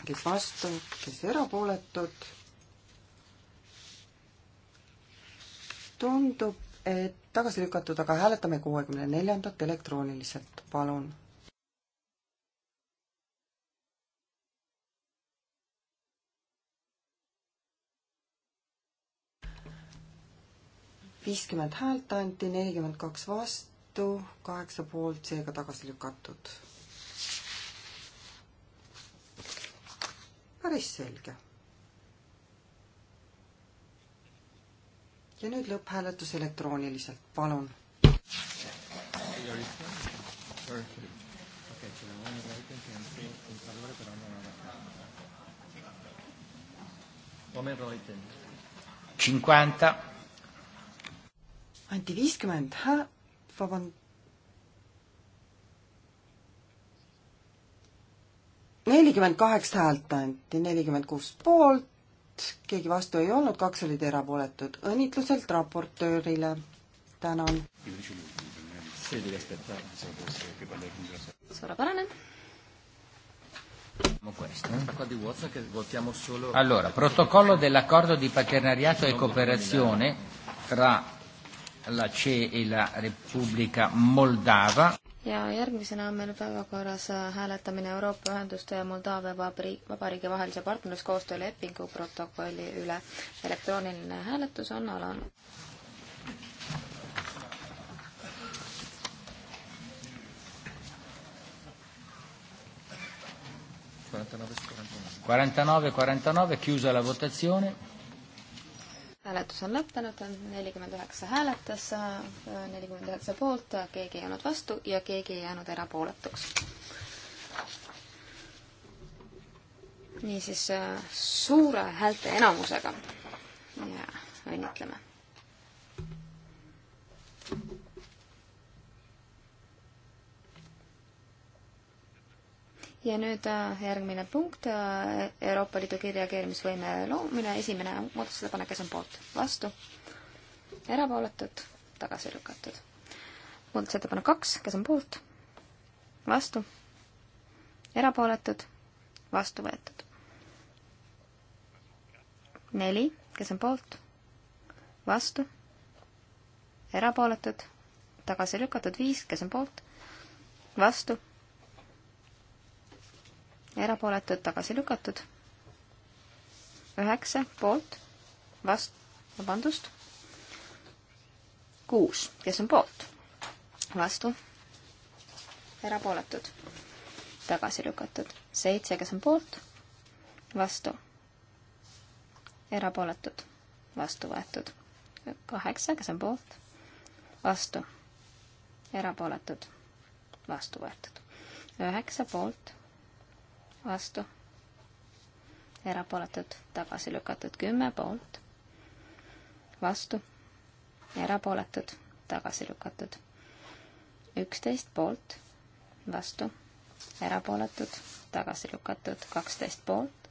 kes vastu, kes erapooletud. tundub, et tagasi lükatud, aga hääletame kuuekümne neljandat elektrooniliselt, palun viiskümmend häält anti, nelikümmend kaks vastu, kaheksa poolt, seega tagasi lükatud. päris selge. ja nüüd lõpphääletus elektrooniliselt, palun. Come Reuten. 50 anti viiskümmend hä-, vabandust, nelikümmend kaheksa häält anti, nelikümmend kuus poolt, keegi vastu ei olnud, kaks olid erapooletud. õnnitluselt raportöörile, tänan. suurepärane. Allora, protocollo dell'accordo di partenariato e cooperazione tra la CE e la Repubblica Moldava. ja järgmisena on meil päevakorras äh, hääletamine Euroopa Ühenduste ja Moldaavia Vabariigi vahelise partnerluskoostöö lepingu protokolli üle. elektrooniline hääletus on alanud. quarantanove quarantanove chiusa la votazione hääletus on lõppenud, nelikümmend üheksa hääletas, nelikümmend üheksa poolt, keegi ei olnud vastu ja keegi ei jäänud erapooletuks. niisiis suure häälte enamusega ja õnnitleme. ja nüüd äh, järgmine punkt, äh, Euroopa Liidu kiirreageerimisvõime loomine, esimene muudatusettepanek, kes on poolt, vastu, erapooletud, tagasi lükatud. muudatusettepanek kaks, kes on poolt, vastu, erapooletud, vastu võetud. neli, kes on poolt, vastu, erapooletud, tagasi lükatud, viis, kes on poolt, vastu erapooletud, tagasi lükatud. üheksa poolt, vast-, vabandust, kuus, kes on poolt, vastu, erapooletud, tagasi lükatud. seitse, kes on poolt, vastu, erapooletud, vastu võetud. kaheksa, kes on poolt, vastu, erapooletud, vastu võetud. üheksa poolt vastu, erapooletud, tagasi lükatud kümme poolt, vastu, erapooletud, tagasi lükatud üksteist poolt, vastu, erapooletud, tagasi lükatud kaksteist poolt,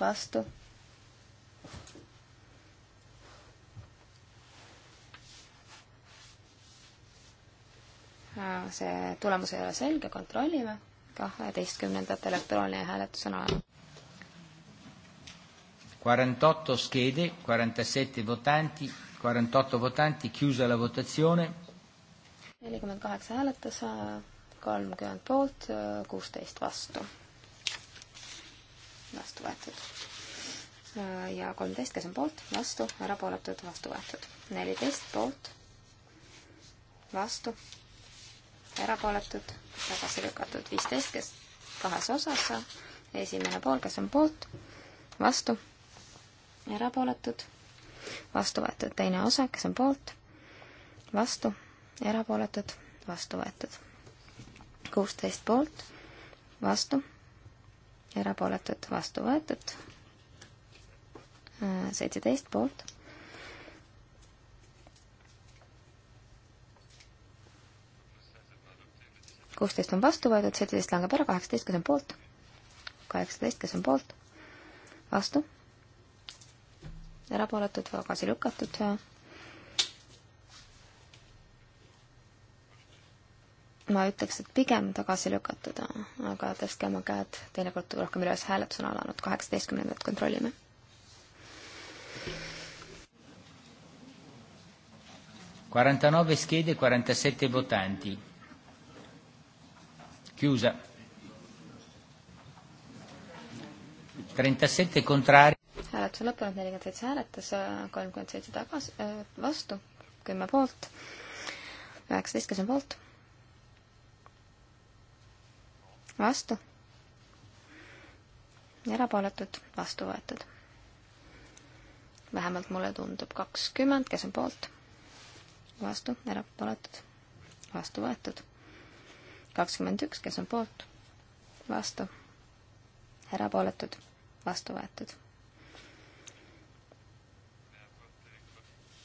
vastu see tulemus ei ole selge, kontrollime kaheteistkümnendat elektrooniline hääletus on alanud. 48 schede, 47 votanti, 48 votanti, chiusa la votazione. nelikümmend kaheksa hääletas, kolmkümmend poolt, kuusteist vastu. vastu võetud. ja kolmteist, kes on poolt, vastu, erapooletud, vastu võetud. neliteist poolt, vastu erapooletud, tagasi lükatud viisteist, kes kahes osas, esimene pool, kes on poolt, vastu, erapooletud, vastu võetud, teine osa, kes on poolt, vastu, erapooletud, vastu võetud. kuusteist poolt, vastu, erapooletud, vastu võetud, seitseteist poolt kuusteist on vastu võetud, seitseteist langeb ära, kaheksateist, kes on poolt? kaheksateist, kes on poolt? vastu? erapooletud, tagasi lükatud. ma ütleks, et pigem tagasi lükatud, aga tõstke oma käed teinekord rohkem üles, hääletus on alanud, kaheksateistkümnendat kontrollime quarantanove schede e quarantasette votanti. Chiusa. 37 contrari. hääletus on lõppenud, nelikümmend seitse hääletas, kolmkümmend seitse tagasi, äh, vastu, kümme poolt, üheksateist, kes on poolt? vastu. erapooletud, vastu võetud. vähemalt mulle tundub kakskümmend, kes on poolt? vastu, erapooletud, vastu võetud kakskümmend üks, kes on poolt, vastu, erapooletud, vastu võetud.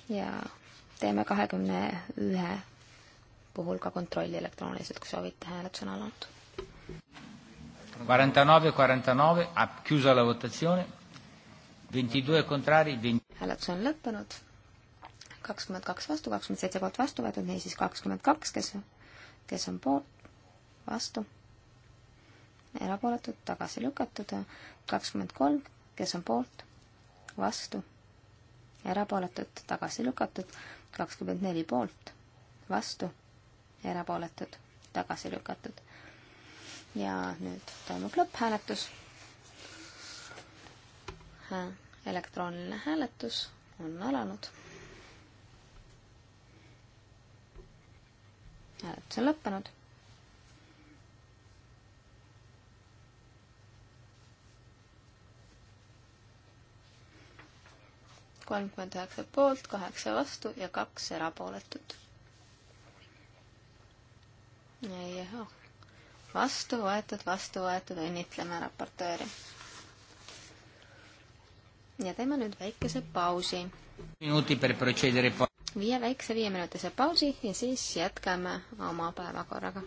ja teeme kahekümne ühe puhul ka kontrolli elektrooniliselt, kui soovite, hääletus on alanud. 49 49 ha chiuso la votazione 22 contrari 20 hääletus on lõppenud kakskümmend kaks vastu kakskümmend seitse poolt vastu võetud niisiis kakskümmend kaks kes kes on poolt vastu, erapooletud, tagasi lükatud, kakskümmend kolm, kes on poolt, vastu, erapooletud, tagasi lükatud, kakskümmend neli poolt, vastu, erapooletud, tagasi lükatud. ja nüüd toimub lõpphääletus. elektrooniline hääletus on alanud. hääletus on lõppenud kolmkümmend üheksa poolt, kaheksa vastu ja kaks erapooletut. jah, vastu võetud, vastu võetud, õnnitleme raportööri. ja teeme nüüd väikese pausi. viie väikse viieminutise pausi ja siis jätkame oma päevakorraga.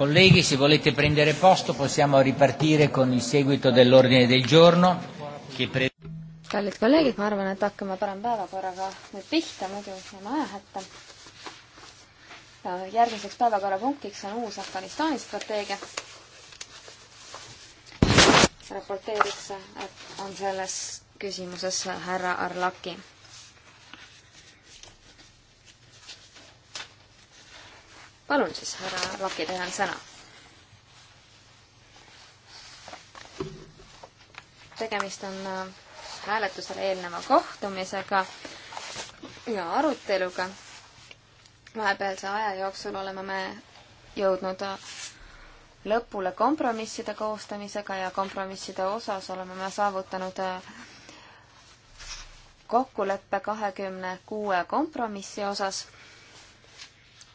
Colleghi, se volete prendere posto possiamo ripartire con il seguito dell'ordine del giorno che pre- kallid kolleegid, ma arvan, et hakkame parem päevakorraga nüüd pihta, muidu jääme ajahätta. järgmiseks päevakorrapunktiks on uus Afganistani strateegia. raporteeritakse, et on selles küsimuses härra Arlaki. palun siis, Arlaki, teil on sõna. tegemist on äh, hääletusele eelneva kohtumisega ja aruteluga. vahepealse aja jooksul oleme me jõudnud äh, lõpule kompromisside koostamisega ja kompromisside osas oleme me saavutanud äh, kokkuleppe kahekümne kuue kompromissi osas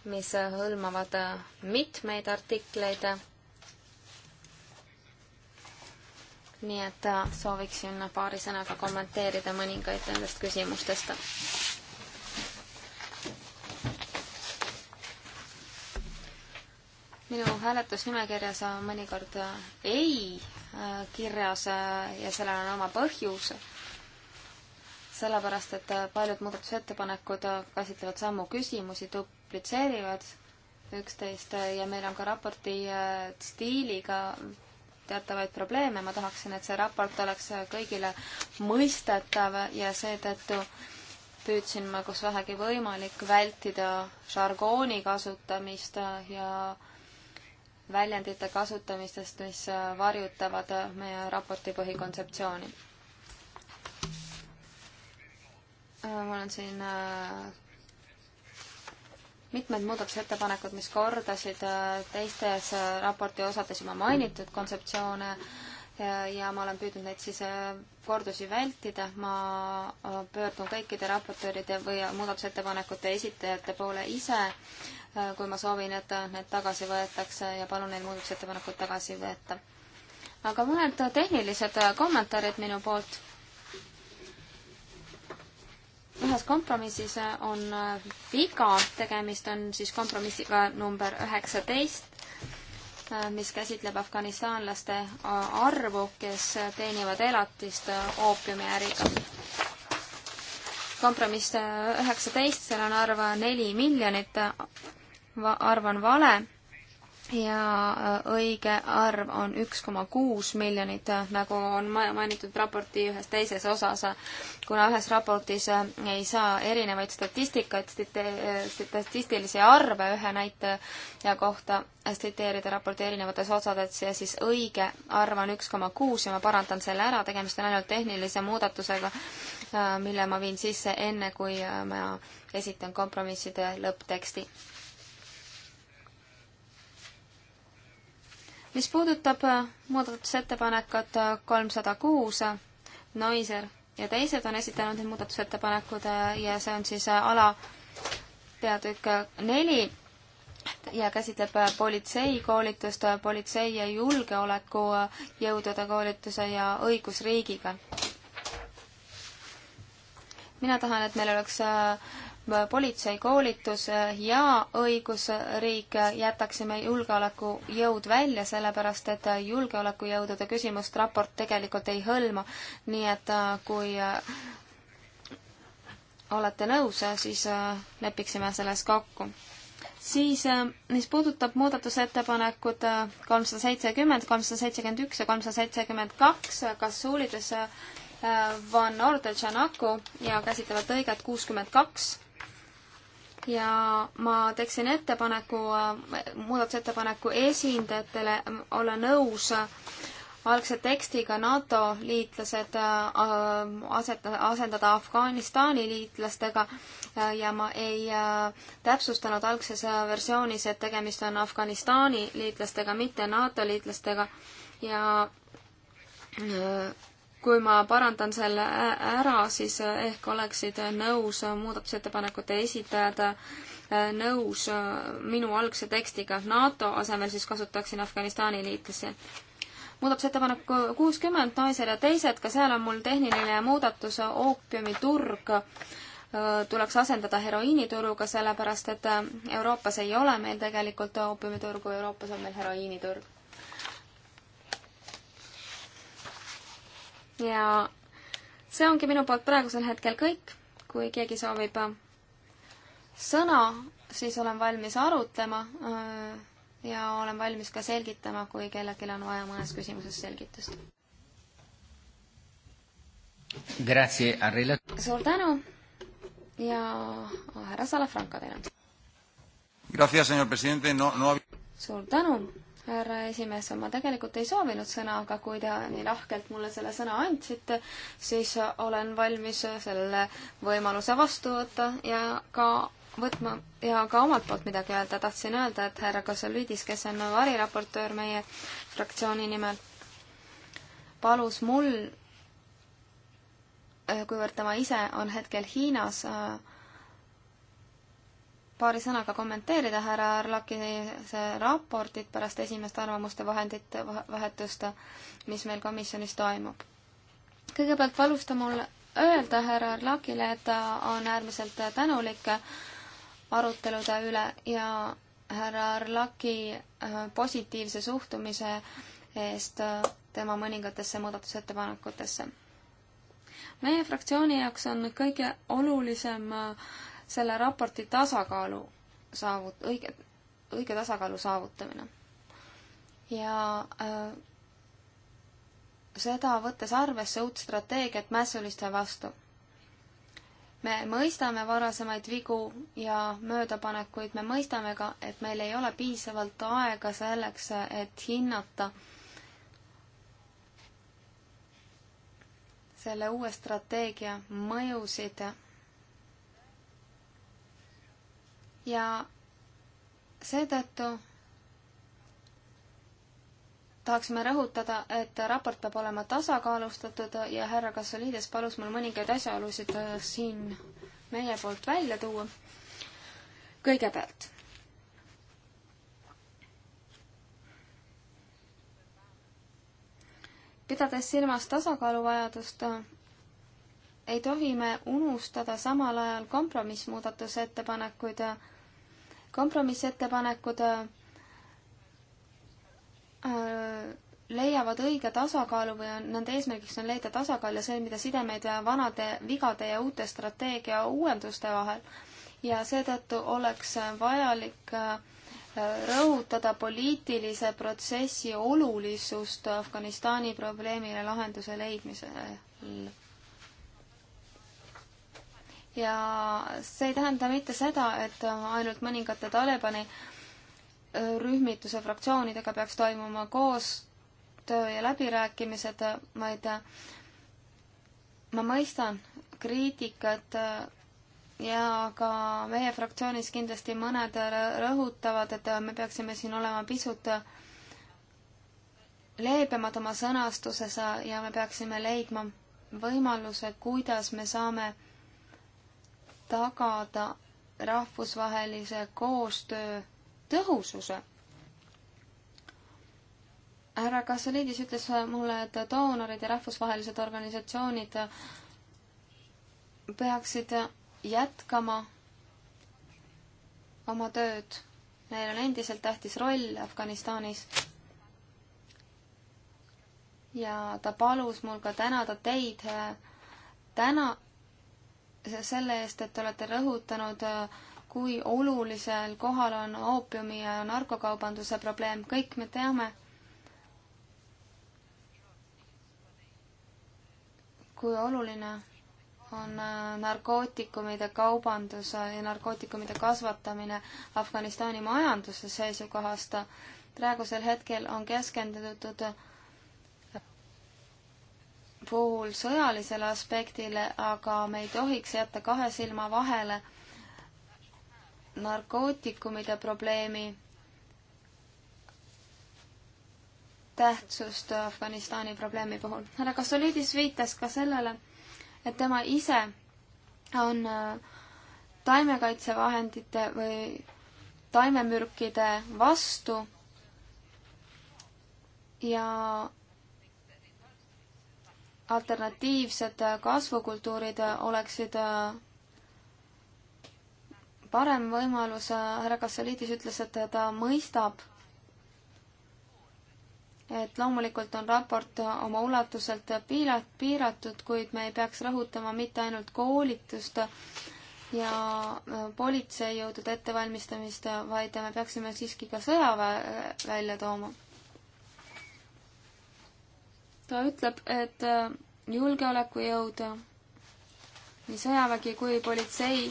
mis hõlmavad mitmeid artikleid. nii et sooviksin paari sõnaga kommenteerida mõningaid nendest küsimustest. minu hääletusnimekirjas on mõnikord ei äh, kirjas äh, ja sellel on oma põhjus sellepärast, et paljud muudatusettepanekud äh, käsitlevad samu küsimusi, duplitseerivad üksteist ja meil on ka raporti äh, stiiliga teatavaid probleeme, ma tahaksin, et see raport oleks kõigile mõistetav ja seetõttu püüdsin ma, kus vähegi võimalik, vältida žargooni kasutamist ja väljendite kasutamistest, mis varjutavad meie raporti põhikontseptsiooni. Äh, mul on siin äh, mitmed muudatusettepanekud, mis kordasid äh, teistes äh, raporti osades juba mainitud kontseptsioone ja ma olen püüdnud neid siis äh, kordusi vältida. ma pöördun kõikide raportööride või muudatusettepanekute esitajate poole ise, kui ma soovin, et need tagasi võetakse ja palun neid muudatusettepanekuid tagasi võtta. aga mõned tehnilised kommentaarid minu poolt ühes kompromissis on äh, viga, tegemist on siis kompromissiga number üheksateist, äh, mis käsitleb afganistanlaste äh, arvu, kes teenivad elatist oopiumiäriga. kompromiss üheksateist, seal on arv neli miljonit, arv on vale ja äh, õige arv on üks koma kuus miljonit, äh, nagu on mainitud raporti ühes teises osas. Äh, kuna ühes raportis ei saa erinevaid statistikaid, statistilisi arve ühe näitaja kohta tsiteerida raporti erinevates osades ja siis õige arv on üks koma kuus ja ma parandan selle ära, tegemist on ainult tehnilise muudatusega, mille ma viin sisse enne, kui ma esitan kompromisside lõppteksti mis puudutab äh, muudatusettepanekut äh, kolmsada kuus, äh, Noiser ja teised on esitanud need muudatusettepanekud ja see on siis ala peatükk neli ja käsitleb politseikoolitust, politsei ja julgeolekujõudude koolituse ja õigusriigiga. mina tahan, et meil oleks politseikoolitus ja õigusriik jätaksime julgeolekujõud välja, sellepärast et julgeolekujõudude küsimust raport tegelikult ei hõlma. nii et äh, kui äh, olete nõus, äh, siis lepiksime selles kokku. siis, mis puudutab muudatusettepanekud kolmsada seitsekümmend, kolmsada seitsekümmend üks ja kolmsada seitsekümmend kaks, kas suulides Van Orden Janaku ja käsitlevad lõiget kuuskümmend kaks ja ma teeksin ettepaneku, muudatusettepaneku esindajatele olla nõus algse tekstiga NATO liitlased äh, aset-, asendada Afganistani liitlastega ja ma ei äh, täpsustanud algses äh, versioonis, et tegemist on Afganistani liitlastega, mitte NATO liitlastega ja kui ma parandan selle ära, siis äh, ehk oleksid nõus muudatusettepanekute esitajad äh, nõus äh, minu algse tekstiga NATO asemel, siis kasutaksin Afganistani liitlasi. muudatusettepanek kuuskümmend, Naisel ja teised, ka seal on mul tehniline muudatus, oopiumiturg tuleks asendada heroiinituruga, sellepärast et Euroopas ei ole meil tegelikult oopiumiturgu, Euroopas on meil heroiiniturg ja see ongi minu poolt praegusel hetkel kõik. kui keegi soovib sõna, siis olen valmis arutlema äh, ja olen valmis ka selgitama, kui kellelgi on vaja mõnes küsimuses selgitust. suur tänu ja äh, härra Salafranco teile. No, no... suur tänu härra esimees, ma tegelikult ei soovinud sõna, aga kui te nii lahkelt mulle selle sõna andsite, siis olen valmis selle võimaluse vastu võtta ja ka võtma ja ka omalt poolt midagi öelda. tahtsin öelda, et härra Kasolidis, kes on variraportöör meie fraktsiooni nimel, palus mul, kuivõrd tema ise on hetkel Hiinas äh, paari sõnaga kommenteerida härra Arlaki raportit pärast esimest arvamuste vahendit, vahetust, mis meil komisjonis toimub. kõigepealt palus ta mul öelda härra Arlakile, et ta on äärmiselt tänulik arutelude üle ja härra Arlaki äh, positiivse suhtumise eest äh, tema mõningatesse muudatusettepanekutesse. meie fraktsiooni jaoks on kõige olulisem äh, selle raporti tasakaalu saavut-, õige, õige tasakaalu saavutamine. ja äh, seda võttes arvesse uut strateegiat mässuliste vastu. me mõistame varasemaid vigu ja möödapanekuid, me mõistame ka, et meil ei ole piisavalt aega selleks, et hinnata selle uue strateegia mõjusid ja seetõttu tahaksime rõhutada, et raport peab olema tasakaalustatud ja härra Kassoliides palus mul mõningaid asjaolusid äh, siin meie poolt välja tuua. kõigepealt. pidades silmas tasakaaluvajadust, äh, ei tohi me unustada samal ajal kompromissmuudatusettepanekuid ja äh, kompromissettepanekud äh, leiavad õige tasakaalu või on, nende eesmärgiks on leida tasakaal ja sõlmida sidemeid vanade vigade ja uute strateegia uuenduste vahel. ja seetõttu oleks vajalik äh, rõhutada poliitilise protsessi olulisust Afganistani probleemile lahenduse leidmisel ja see ei tähenda mitte seda, et ainult mõningate Talibani äh, rühmituse fraktsioonidega peaks toimuma koostöö ja läbirääkimised, vaid äh, ma mõistan kriitikat äh, ja ka meie fraktsioonis kindlasti mõned rõhutavad, et me peaksime siin olema pisut leebemad oma sõnastuses ja me peaksime leidma võimaluse, kuidas me saame tagada rahvusvahelise koostöö tõhususe. härra Kassoliidis ütles mulle, et doonorid ja rahvusvahelised organisatsioonid peaksid jätkama oma tööd. Neil on endiselt tähtis roll Afganistanis. ja ta palus mul ka tänada teid täna selle eest, et te olete rõhutanud, äh, kui olulisel kohal on oopiumi ja narkokaubanduse probleem, kõik me teame, kui oluline on äh, narkootikumide kaubandus äh, ja narkootikumide kasvatamine Afganistani majanduse seisukohast. praegusel hetkel on keskendutud puhul sõjalisele aspektile, aga me ei tohiks jätta kahe silma vahele narkootikumide probleemi tähtsust Afganistani probleemi puhul. härra Kasolidis viitas ka sellele, et tema ise on äh, taimekaitsevahendite või taimemürkide vastu ja alternatiivsed kasvukultuurid oleksid äh, parem võimalus, äh, härra Kassaliidis ütles, et ta mõistab, et loomulikult on raport oma ulatuselt piirat-, piiratud, kuid me ei peaks rõhutama mitte ainult koolitust ja äh, politseijõudude ettevalmistamist, vaid me peaksime siiski ka sõjaväe välja tooma ta ütleb, et äh, julgeolekujõud, äh, nii sõjavägi kui politsei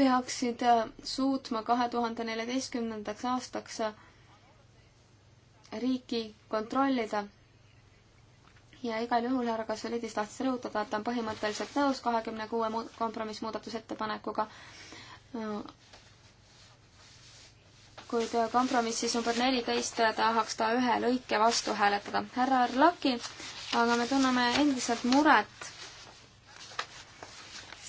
peaksid äh, suutma kahe tuhande neljateistkümnendaks aastaks riiki kontrollida. ja igal juhul härra Kasolidis tahtis rõhutada, et ta on põhimõtteliselt nõus kahekümne kuue kompromissmuudatusettepanekuga no,, kuid äh, kompromissis number neliteist äh, tahaks ta ühe lõike vastu hääletada. härra Arlaki, aga me tunneme endiselt muret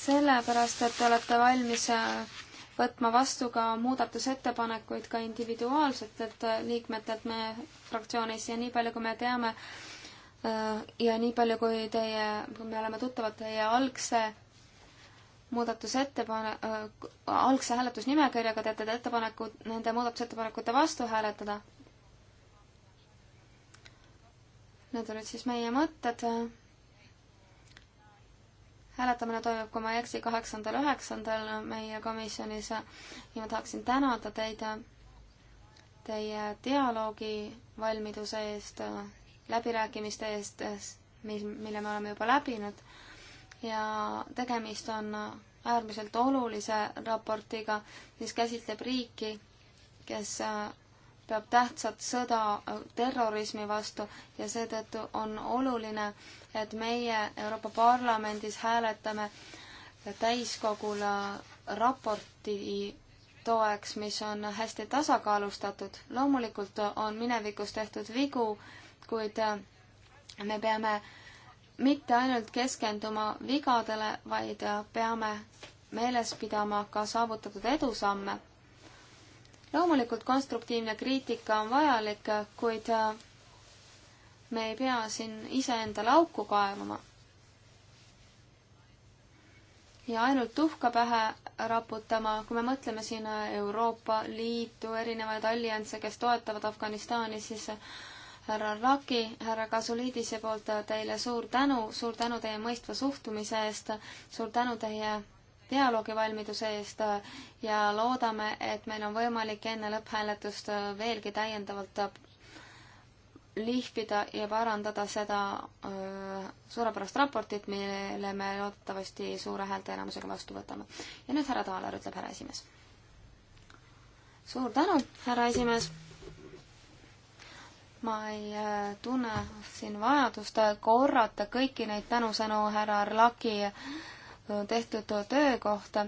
sellepärast, et te olete valmis äh, võtma vastu ka muudatusettepanekuid ka individuaalsetelt liikmetelt meie fraktsioonis ja nii palju, kui me teame ja nii palju, kui teie, me oleme tuttavad teie algse muudatusettepanek äh,, algse hääletusnimekirjaga teete te ettepaneku nende muudatusettepanekute vastu hääletada. Need olid siis meie mõtted. hääletamine toimub, kui ma ei eksi, kaheksandal, üheksandal meie komisjonis ja ma tahaksin tänada teid teie dialoogi valmiduse eest, läbirääkimiste eest, mil, mille me oleme juba läbinud ja tegemist on äärmiselt olulise raportiga, mis käsitleb riiki, kes äh, peab tähtsat sõda äh, terrorismi vastu ja seetõttu on oluline, et meie Euroopa Parlamendis hääletame täiskogule raporti toeks, mis on hästi tasakaalustatud. loomulikult on minevikus tehtud vigu, kuid äh, me peame mitte ainult keskenduma vigadele, vaid äh, peame meeles pidama ka saavutatud edusamme. loomulikult konstruktiivne kriitika on vajalik, kuid äh, me ei pea siin iseendale auku kaevama. ja ainult tuhka pähe raputama, kui me mõtleme siin Euroopa Liitu, erinevaid allianse, kes toetavad Afganistani, siis äh, härra Raki, härra Kasuliidise poolt teile suur tänu, suur tänu teie mõistva suhtumise eest, suur tänu teie dialoogivalmiduse eest ja loodame, et meil on võimalik enne lõpphääletust veelgi täiendavalt lihvida ja parandada seda äh, suurepärast raportit, mille me loodetavasti suure häälteenamusega vastu võtame. ja nüüd härra Taaler, ütleb härra esimees. suur tänu, härra esimees ma ei äh, tunne siin vajadust äh, korrata kõiki neid tänusõnu härra Arlaki äh, tehtud töö kohta.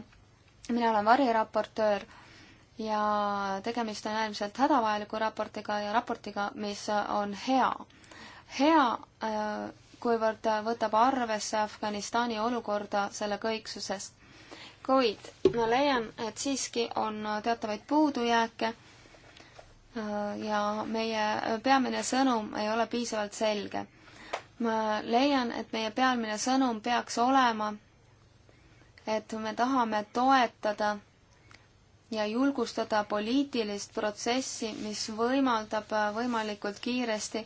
mina olen variraportöör ja tegemist on äärmiselt hädavajaliku raportiga ja raportiga, mis on hea. hea, kuivõrd võtab arvesse Afganistani olukorda selle kõiksusest. kuid ma leian, et siiski on teatavaid puudujääke Äh, ja meie peamine sõnum ei ole piisavalt selge. ma leian, et meie peamine sõnum peaks olema, et me tahame toetada ja julgustada poliitilist protsessi, mis võimaldab äh, võimalikult kiiresti,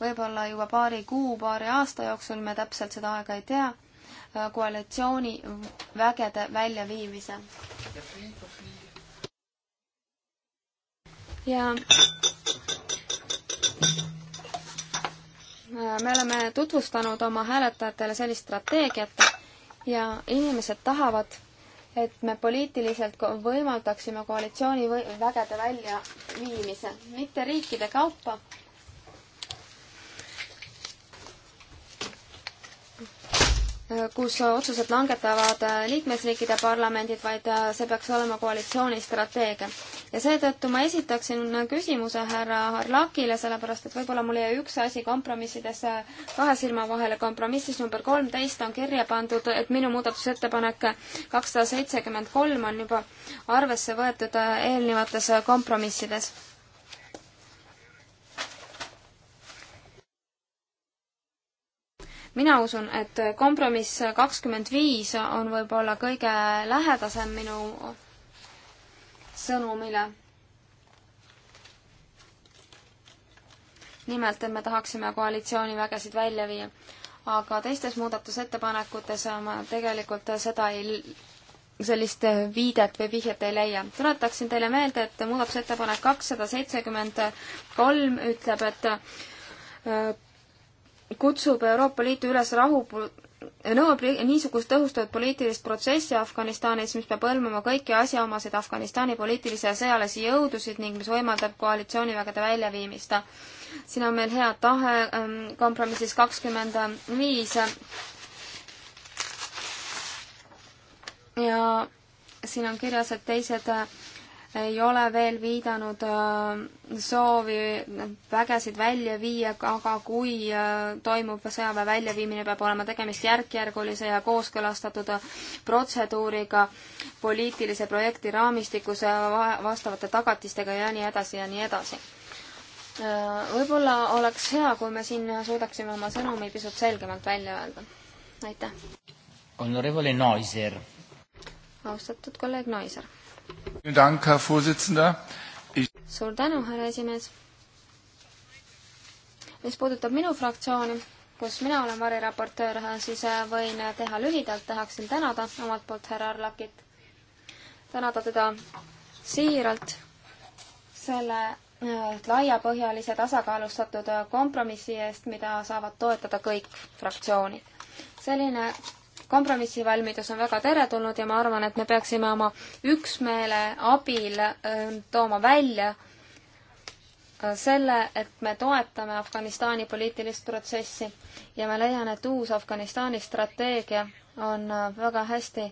võib-olla juba paari kuu, paari aasta jooksul, me täpselt seda aega ei tea, äh, koalitsiooni vägede väljaviimise ja äh, me oleme tutvustanud oma hääletajatele sellist strateegiat ja inimesed tahavad, et me poliitiliselt võimaldaksime koalitsioonivägede väljaviimise, mitte riikide kaupa, Äh, kus otsused langetavad äh, liikmesriikide parlamendid, vaid äh, see peaks olema koalitsiooni strateegia. ja seetõttu ma esitaksin küsimuse härra Harlakile, sellepärast et võib-olla mul jäi üks asi kompromissides kahe silma vahele. kompromissis number kolmteist on kirja pandud, et minu muudatusettepanek kakssada seitsekümmend kolm on juba arvesse võetud eelnevates kompromissides mina usun, et kompromiss kakskümmend viis on võib-olla kõige lähedasem minu sõnumile. nimelt, et me tahaksime koalitsioonivägesid välja viia. aga teistes muudatusettepanekutes ma tegelikult seda ei sellist viidet või vihjet ei leia. tuletaksin teile meelde, et muudatusettepanek kakssada seitsekümmend kolm ütleb, et äh, kutsub Euroopa Liitu üles rahu, nõuab niisugust tõhustatud poliitilist protsessi Afganistanis, mis peab hõlmama kõiki asjaomaseid Afganistani poliitilisi ja sõjalisi jõudusid ning mis võimaldab koalitsioonivägede väljaviimist. siin on meil hea tahe ähm, kompromissis kakskümmend viis. ja siin on kirjas, et teised äh, ei ole veel viidanud äh, soovi vägesid välja viia, aga kui äh, toimub sõjaväe väljaviimine, peab olema tegemist järk-järgulise ja kooskõlastatud protseduuriga, poliitilise projekti raamistikus, äh, vastavate tagatistega ja nii edasi ja nii edasi. Võib-olla oleks hea, kui me siin suudaksime oma sõnumi pisut selgemalt välja öelda. aitäh! Honorevole Noiser. austatud kolleeg Noiser suur tänu, härra esimees. mis puudutab minu fraktsiooni, kus mina olen variraportöör, siis äh, võin äh, teha lühidalt, tahaksin tänada omalt poolt härra Arlakit, tänada teda siiralt selle äh, laiapõhjalise tasakaalustatud kompromissi eest, mida saavad toetada kõik fraktsioonid. selline kompromissivalmidus on väga teretulnud ja ma arvan, et me peaksime oma üksmeele abil ähm, tooma välja äh, selle, et me toetame Afganistani poliitilist protsessi ja ma leian, et uus Afganistani strateegia on äh, väga hästi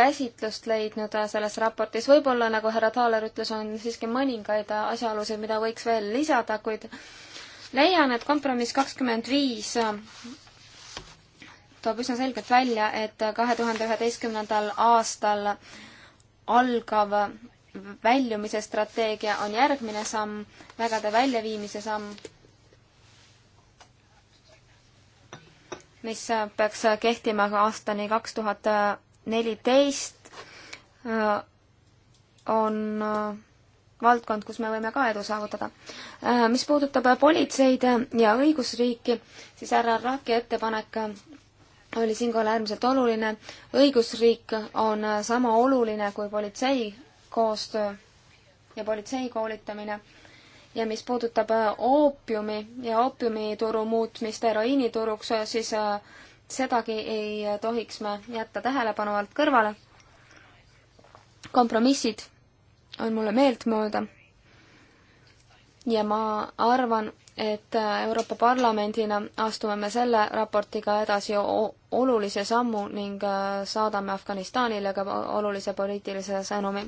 käsitlust leidnud äh, selles raportis. võib-olla, nagu härra Taaler ütles, on siiski mõningaid asjaolusid, mida võiks veel lisada, kuid leian, et kompromiss kakskümmend viis toob üsna selgelt välja, et kahe tuhande üheteistkümnendal aastal algav väljumise strateegia on järgmine samm, vägede väljaviimise samm, mis peaks kehtima ka aastani kaks tuhat neliteist, on valdkond, kus me võime ka edu saavutada. mis puudutab politseid ja õigusriiki, siis härra Raki ettepanek oli siinkohal äärmiselt oluline. õigusriik on sama oluline kui politsei koostöö ja politsei koolitamine. ja mis puudutab äh, oopiumi ja oopiumituru muutmist heroiinituruks, äh, siis äh, sedagi ei tohiks me jätta tähelepanu alt kõrvale. kompromissid on mulle meeltmööda. ja ma arvan, et äh, Euroopa Parlamendina astume me selle raportiga edasi olulise sammu ning äh, saadame Afganistanile ka olulise poliitilise sõnumi.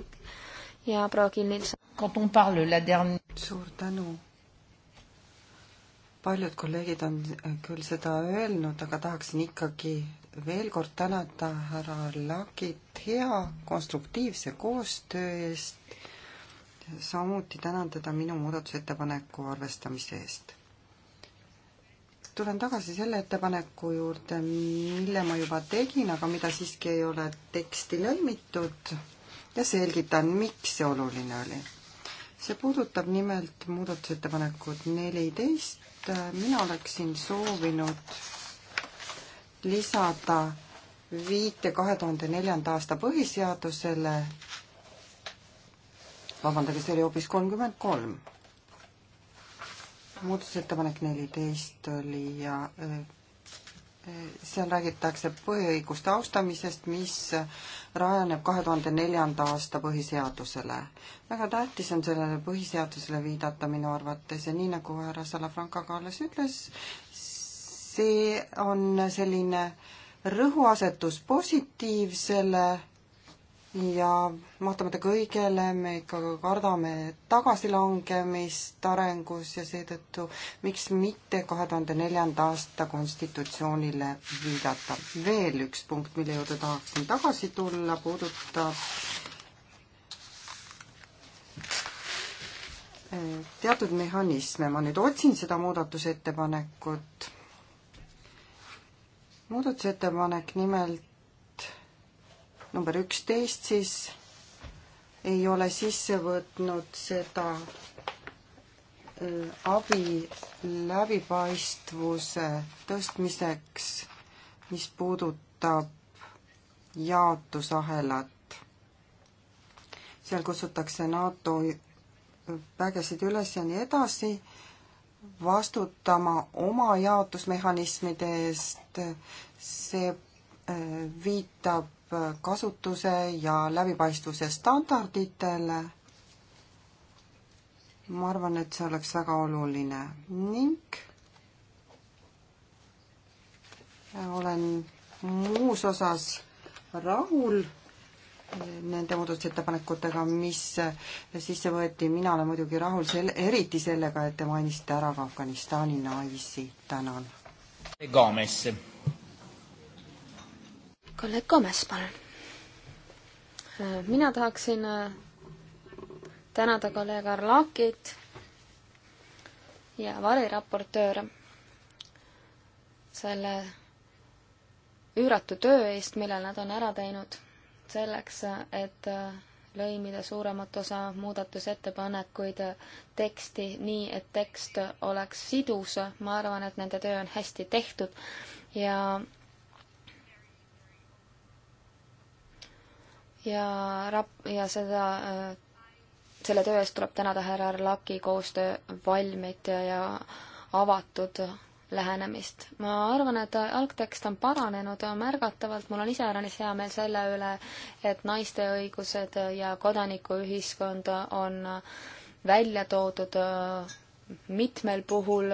ja proua Kill-Nilsson. suur tänu. paljud kolleegid on äh, küll seda öelnud, aga tahaksin ikkagi veel kord tänada härra Lakit hea konstruktiivse koostöö eest samuti tänan teda minu muudatusettepaneku arvestamise eest. tulen tagasi selle ettepaneku juurde, mille ma juba tegin, aga mida siiski ei ole teksti lõimitud ja selgitan, miks see oluline oli. see puudutab nimelt muudatusettepanekut neliteist, mina oleksin soovinud lisada viite kahe tuhande neljanda aasta põhiseadusele vabandage, see oli hoopis kolmkümmend kolm. muudatusettepanek neliteist oli ja äh, äh, seal räägitakse põhiõiguste austamisest, mis rajaneb kahe tuhande neljanda aasta põhiseadusele. väga tähtis on sellele põhiseadusele viidata minu arvates ja nii, nagu härra Salafranca ka alles ütles, see on selline rõhuasetus positiivsele ja vaatamata kõigele me ikka kardame tagasilangemist arengus ja seetõttu miks mitte kahe tuhande neljanda aasta konstitutsioonile viidata. veel üks punkt, mille juurde tahaksin tagasi tulla, puudutab eh, teatud mehhanisme, ma nüüd otsin seda muudatusettepanekut. muudatusettepanek nimelt number üksteist siis ei ole sisse võtnud seda äh, abi läbipaistvuse tõstmiseks, mis puudutab jaotusahelat. seal kutsutakse NATO vägesid üles ja nii edasi vastutama oma jaotusmehhanismide eest, see äh, viitab kasutuse ja läbipaistvuse standarditele. ma arvan, et see oleks väga oluline ning olen muus osas rahul nende muudatusettepanekutega, mis sisse võeti, mina olen muidugi rahul sel-, eriti sellega, et te mainisite ära ka Afganistani naisi, tänan. Gomes kolleeg Komes, palun. mina tahaksin äh, tänada kolleeg Arlakit ja variraportööre selle üüratu töö eest, mille nad on ära teinud selleks, et äh, lõimida suuremat osa muudatusettepanekuid teksti nii, et tekst oleks sidus. ma arvan, et nende töö on hästi tehtud ja ja rap-, ja seda, äh, selle töö eest tuleb tänada härra Arlaki koostöö valmid ja avatud lähenemist. ma arvan, et algtekst on paranenud märgatavalt, mul on iseäranis hea meel selle üle, et naiste õigused ja kodanikuühiskond on välja toodud äh, mitmel puhul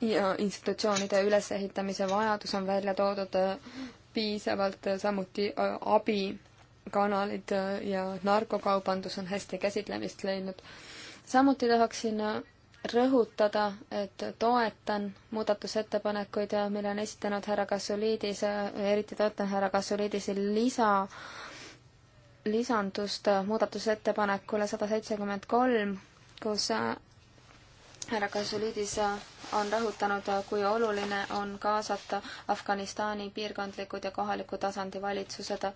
ja institutsioonide ülesehitamise vajadus on välja toodud äh, piisavalt, samuti abi kanalid äh, ja narkokaubandus on hästi käsitlemist leidnud. samuti tahaksin äh, rõhutada, et toetan muudatusettepanekuid, äh, mille on esitanud härra Kasuliidis, eriti toetan härra Kasuliidisi lisa, lisandust muudatusettepanekule sada seitsekümmend kolm, kus härra Kasuliidis on rõhutanud, kui oluline on kaasata Afganistani piirkondlikud ja kohaliku tasandi valitsused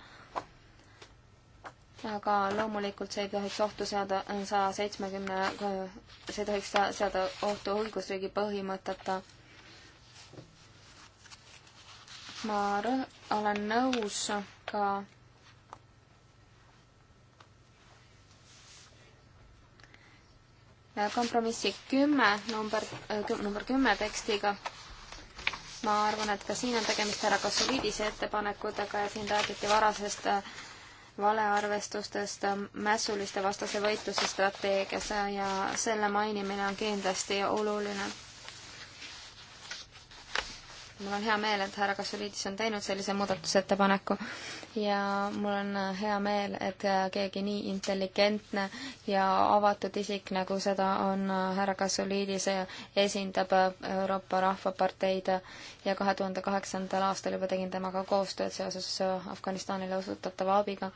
aga loomulikult see ei tohiks ohtu seada äh, saja seitsmekümne, äh, see ei tohiks seada ohtu õigusriigi põhimõtet. ma rõh-, olen nõus ka kompromissi kümme, number, äh, number kümme tekstiga ma arvan, et ka siin on tegemist härra Kasuliidise ettepanekutega ja siin räägiti varasest valearvestustest, mässuliste vastase võitluse strateegias ja selle mainimine on kindlasti oluline mul on hea meel, et härra Kasuliidis on teinud sellise muudatusettepaneku ja mul on äh, hea meel, et äh, keegi nii intelligentne ja avatud isik, nagu seda on äh, härra Kasuliidis, esindab Euroopa Rahvaparteid ja kahe tuhande kaheksandal aastal juba tegin temaga koostööd seoses Afganistanile osutatava abiga.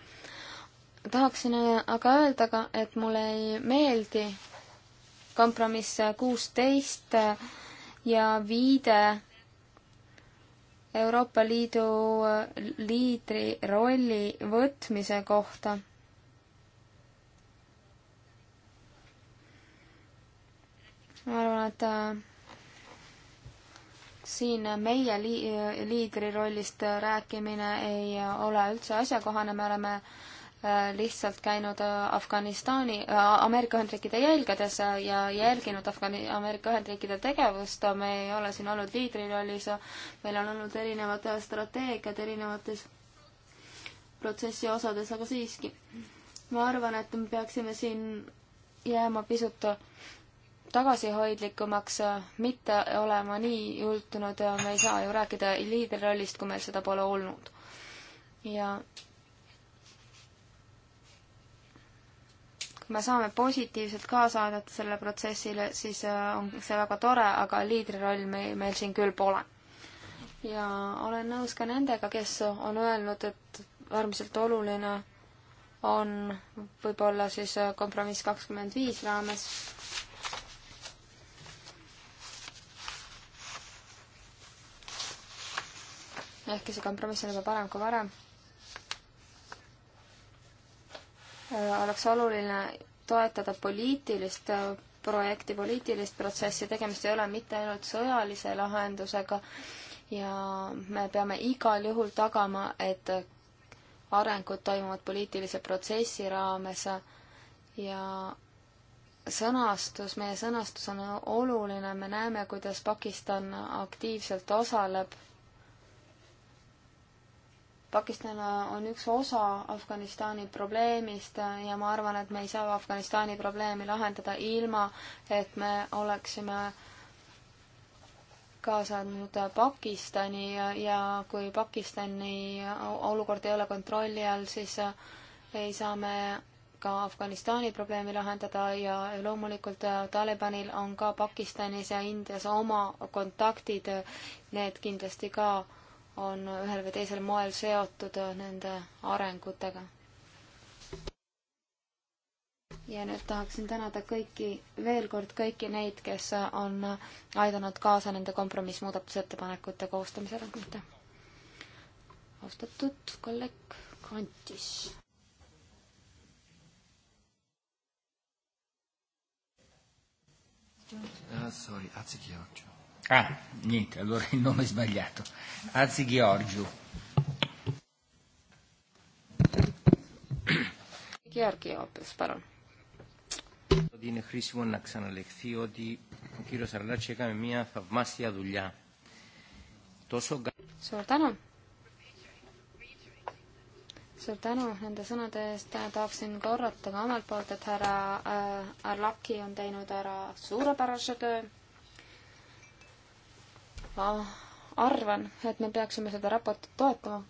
tahaksin aga öelda ka, et mulle ei meeldi kompromiss kuusteist ja viide Euroopa Liidu äh, liidri rolli võtmise kohta. ma arvan, et äh, siin meie lii-, liidri rollist rääkimine ei ole üldse asjakohane, me oleme äh, Äh, lihtsalt käinud äh, Afganistani, äh, Ameerika Ühendriikide jälgedes ja jälginud Afgani-, Ameerika Ühendriikide tegevust, me ei ole siin olnud liidrirollis, meil on olnud erinevad strateegiad erinevates protsessi osades, aga siiski. ma arvan, et me peaksime siin jääma pisut tagasihoidlikumaks, mitte olema nii jultunud, me ei saa ju rääkida liidrirollist, kui meil seda pole olnud. ja me saame positiivselt kaasa aidata sellele protsessile, siis äh, on see väga tore, aga liidri roll meil, meil siin küll pole. ja olen nõus ka nendega, kes on öelnud, et äärmiselt oluline on võib-olla siis äh, kompromiss kakskümmend viis raames ehkki see kompromiss on juba parem kui varem Äh, oleks oluline toetada poliitilist äh, projekti, poliitilist protsessi, tegemist ei ole mitte ainult sõjalise lahendusega ja me peame igal juhul tagama, et arengud toimuvad poliitilise protsessi raames ja sõnastus, meie sõnastus on oluline, me näeme, kuidas Pakistan aktiivselt osaleb Pakistan on üks osa Afganistani probleemist ja ma arvan, et me ei saa Afganistani probleemi lahendada ilma, et me oleksime kaasanud Pakistani ja, ja kui Pakistani olukord ei ole kontrolli all, siis ei saa me ka Afganistani probleemi lahendada ja loomulikult Talibanil on ka Pakistanis ja Indias oma kontaktid, need kindlasti ka on ühel või teisel moel seotud nende arengutega. ja nüüd tahaksin tänada kõiki, veel kord kõiki neid, kes on aidanud kaasa nende kompromissmuudatusettepanekute koostamisele, aitäh! austatud kolleeg Kantis. Uh, sorry, Atsi Georgiou. Ah, niente, allora il nome è sbagliato. Anzi Giorgio. Γεώργη Όπης, παρόν. Ότι είναι χρήσιμο να ξαναλεχθεί ότι ο κύριος Αρλάτση έκανε μια θαυμάσια δουλειά. Τόσο... Suur tänu! suur tänu nende sõnade eest, tahaksin korrata ka omalt poolt, et härra äh, Arlaki on teinud ära suurepärase eh. töö arvan, et me peaksime seda raportit toetama.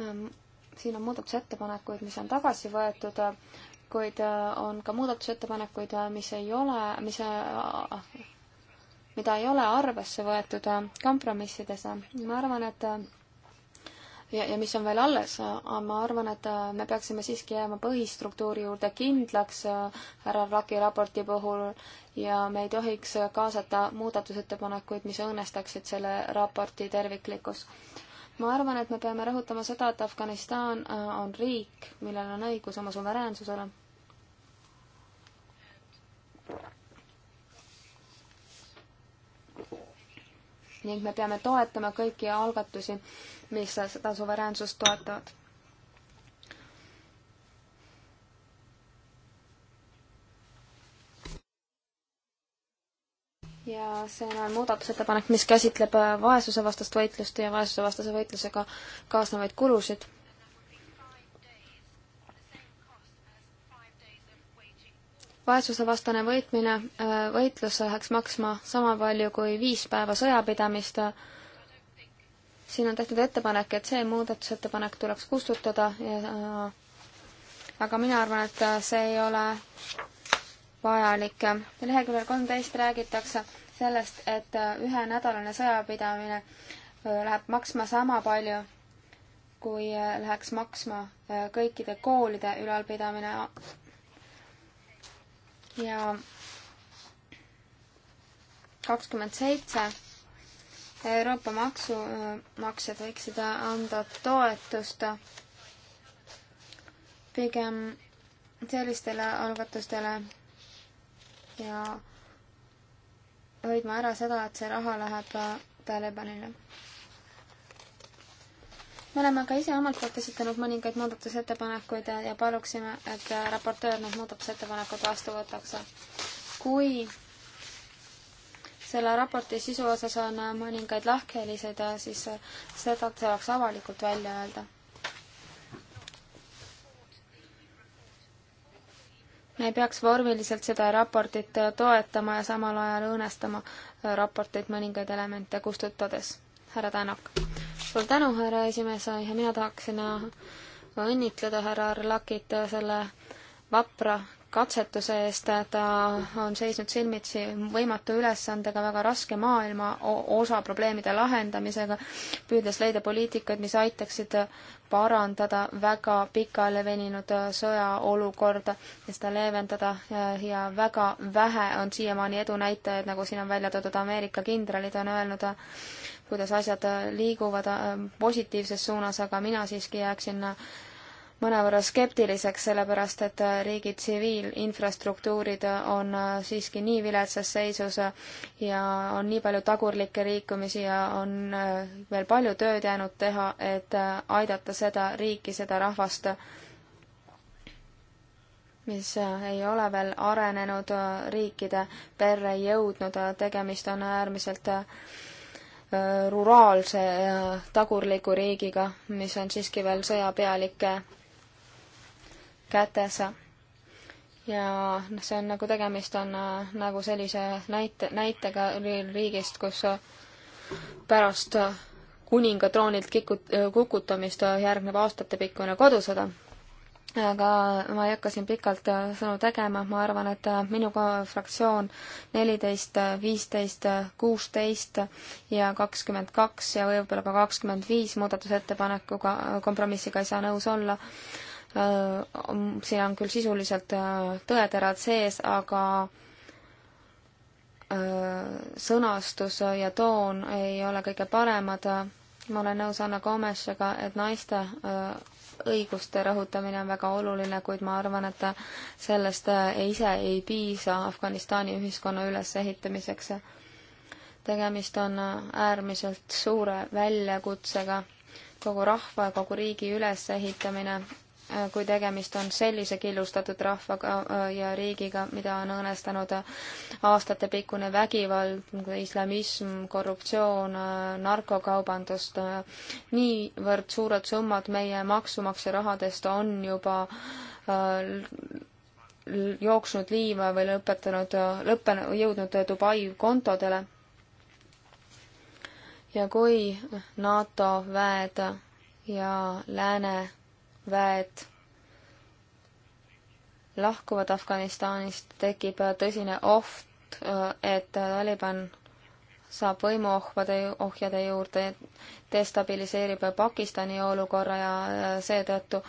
Ehm, siin on muudatusettepanekuid, mis on tagasi võetud, kuid eh, on ka muudatusettepanekuid, eh, mis ei ole, mis, eh, mida ei ole arvesse võetud kompromissides. ma arvan, et ja, ja mis on veel alles, ma arvan, et äh, me peaksime siiski jääma põhistruktuuri juurde kindlaks äh, härra Raki raporti puhul ja me ei tohiks kaasata muudatusettepanekuid, mis õõnestaksid selle raporti terviklikkus. ma arvan, et me peame rõhutama seda, et Afganistan äh, on riik, millel on õigus oma suveräänsusele ning me peame toetama kõiki algatusi, mis seda suveräänsust toetavad. ja see on muudatusettepanek, mis käsitleb vaesusevastast võitlust ja vaesusevastase võitlusega kaasnevaid kulusid vaesusevastane võitmine, äh, võitlus läheks maksma sama palju kui viis päeva sõjapidamist. siin on tehtud ettepanek, et see muudatusettepanek tuleks kustutada ja äh, aga mina arvan, et äh, see ei ole vajalik. leheküljel kolmteist räägitakse sellest, et ühenädalane sõjapidamine läheb maksma sama palju, kui läheks maksma kõikide koolide ülalpidamine ja kakskümmend seitse Euroopa maksumaksjad võiksid anda toetust pigem sellistele algatustele ja hoidma ära seda, et see raha läheb Talibanile me oleme ka ise omalt poolt esitanud mõningaid muudatusettepanekuid ja paluksime, et raportöör need muudatusettepanekud vastu võtaks. kui selle raporti sisu osas on mõningaid lahkheliseid, siis seda tuleks avalikult välja öelda me ei peaks vormiliselt seda raportit toetama ja samal ajal õõnestama raporteid mõningaid elemente kustutades. härra Tänak suur tänu, härra esimees, ja mina tahaksin äh, õnnitleda härra Arlakit äh, selle vapra katsetuse eest, ta on seisnud silmitsi võimatu ülesandega, väga raske maailma osa probleemide lahendamisega, püüdes leida poliitikaid, mis aitaksid parandada väga pikale veninud äh, sõjaolukorda ja seda leevendada ja, ja väga vähe on siiamaani edunäitajaid, nagu siin on välja toodud, Ameerika kindralid on öelnud, kuidas asjad äh, liiguvad äh, positiivses suunas, aga mina siiski jääksin äh, mõnevõrra skeptiliseks, sellepärast et riigi tsiviilinfrastruktuurid on siiski nii viletsas seisus ja on nii palju tagurlikke liikumisi ja on veel palju tööd jäänud teha, et aidata seda riiki, seda rahvast, mis ei ole veel arenenud riikide perre jõudnud, tegemist on äärmiselt Äh, ruraalse ja äh, tagurliku riigiga, mis on siiski veel sõjapealike kätes. ja noh, see on nagu tegemist on äh, nagu sellise näite, näitega riigist, kus pärast kuningatroonilt kikut-, kukutamist järgneb aastatepikkune kodusõda aga ma ei hakka siin pikalt äh, sõnu tegema, ma arvan, et äh, minu fraktsioon neliteist, äh, viisteist, kuusteist ja kakskümmend kaks ja võib-olla ka kakskümmend viis muudatusettepanekuga, kompromissiga ei saa nõus olla. siin on küll sisuliselt tõeterad sees, aga sõnastus ja toon ei ole kõige paremad. ma olen nõus Anna Komešega, et naiste õiguste rõhutamine on väga oluline, kuid ma arvan, et sellest äh, ise ei piisa Afganistani ühiskonna ülesehitamiseks. tegemist on äh, äärmiselt suure väljakutsega, kogu rahva ja kogu riigi ülesehitamine Äh, kui tegemist on sellise killustatud rahvaga äh, ja riigiga, mida on õõnestanud aastatepikkune vägivald, nagu islamism, korruptsioon, äh, narkokaubandus. niivõrd suured summad meie maksumaksja rahadest on juba jooksnud liiva või lõpetanud, lõppenud, jõudnud Dubai kontodele. ja kui NATO väed ja lääne väed lahkuvad Afganistanist, tekib äh, tõsine oht, äh, et äh, Taliban saab võimuohvade, ohjade juurde destabiliseerib Pakistani olukorra ja seetõttu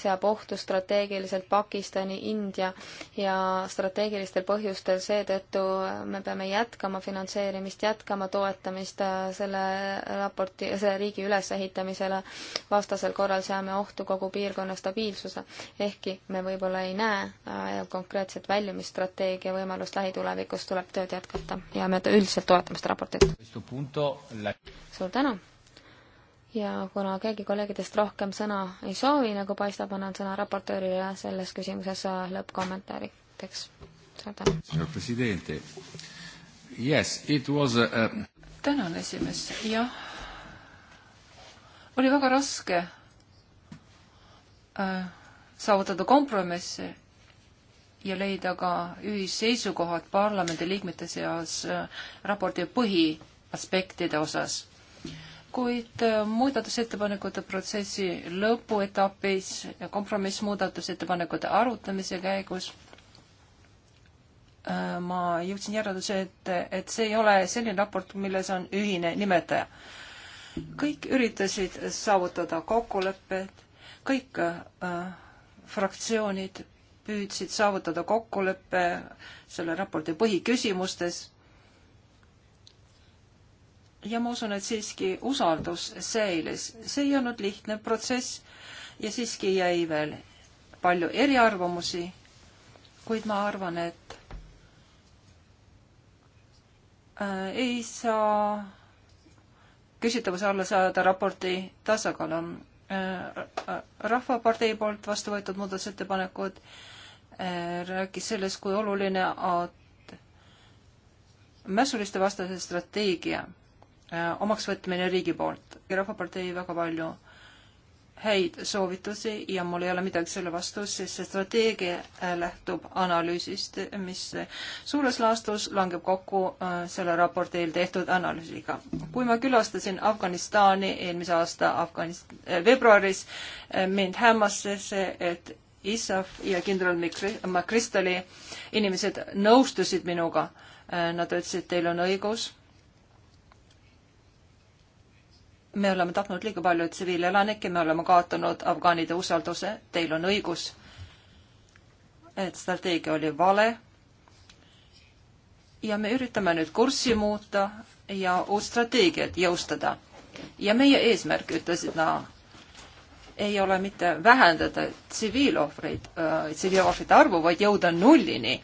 seab ohtu strateegiliselt Pakistani, India ja strateegilistel põhjustel seetõttu me peame jätkama finantseerimist, jätkama toetamist äh, selle raporti, selle riigi ülesehitamisele. vastasel korral seame ohtu kogu piirkonna stabiilsuse, ehkki me võib-olla ei näe äh, konkreetset väljumisstrateegia võimalust lähitulevikus, tuleb tööd jätkata ja me üldiselt toetame seda raportit. suur tänu! ja kuna keegi kolleegidest rohkem sõna ei soovi, nagu paistab, annan sõna raportöörile selles küsimuses lõppkommentaarideks. suur tänu. Yes, it was a... tänan, esimees, jah. oli väga raske äh, saavutada kompromisse ja leida ka ühisseisukohad parlamendiliikmete seas äh, raporti põhiaspektide osas äh, kuid äh, muudatusettepanekute protsessi lõpuetapis ja kompromissmuudatusettepanekute arutamise käigus äh, ma jõudsin järelduse, et, et see ei ole selline raport, milles on ühine nimetaja. kõik üritasid saavutada kokkulepped, kõik äh, fraktsioonid püüdsid saavutada kokkuleppe selle raporti põhiküsimustes ja ma usun, et siiski usaldus säilis. see ei olnud lihtne protsess ja siiski jäi veel palju eriarvamusi, kuid ma arvan, et äh, ei saa küsitavuse alla saada raporti tasakaalu äh,. rahvapartei poolt vastu võetud muudatusettepanekud äh, rääkis sellest, kui oluline on mässuliste vastase strateegia Äh, omaks võtmine riigi poolt ja Rahvapartei väga palju häid soovitusi ja mul ei ole midagi selle vastu, sest see strateegia äh, lähtub analüüsist, mis suures laastus langeb kokku äh, selle raporti eel tehtud analüüsiga. kui ma külastasin Afganistani eelmise aasta Afganist-, veebruaris, mind hämmastas see, et ISAF ja kindral McChrystali inimesed nõustusid minuga. Nad ütlesid, teil on õigus me oleme tapnud liiga palju tsiviilelanikke, me oleme kaotanud afgaanide usalduse, teil on õigus, et strateegia oli vale. ja me üritame nüüd kurssi muuta ja uut strateegiat jõustada. ja meie eesmärk, ütlesid nad no,, ei ole mitte vähendada tsiviilohvreid, äh, tsiviilohvrite arvu, vaid jõuda nullini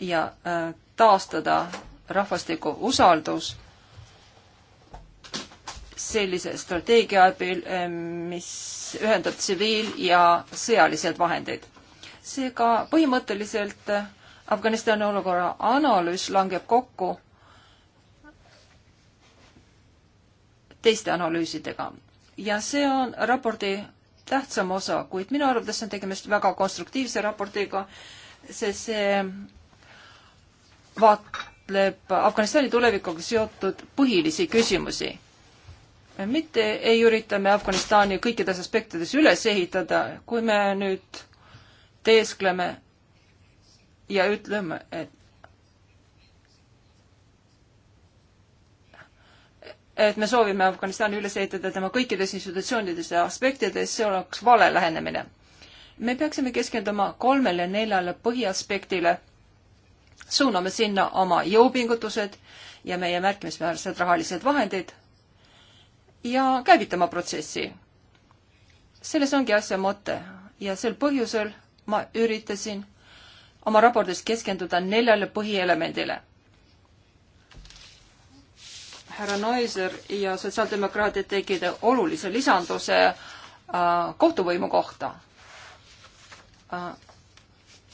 ja äh, taastada rahvastiku usaldus sellise strateegia abil, eh, mis ühendab tsiviil- ja sõjalised vahendeid. seega põhimõtteliselt eh, Afganistani olukorra analüüs langeb kokku teiste analüüsidega ja see on raporti tähtsam osa, kuid minu arvates on tegemist väga konstruktiivse raportiga, sest see vaatab vaatleb Afganistani tulevikuga seotud põhilisi küsimusi mitte ei ürita me Afganistani kõikides aspektides üles ehitada, kui me nüüd teeskleme ja ütleme, et et me soovime Afganistani üles ehitada tema kõikides institutsioonides ja aspektides, see oleks vale lähenemine. me peaksime keskenduma kolmele, neljale põhiaspektile, suuname sinna oma jõupingutused ja meie märkimisväärsed rahalised vahendid ja käivitama protsessi. selles ongi asja mõte ja sel põhjusel ma üritasin oma raportis keskenduda neljale põhielemendile. härra Noiser ja sotsiaaldemokraadid tegid olulise lisanduse äh, kohtuvõimu kohta. Äh,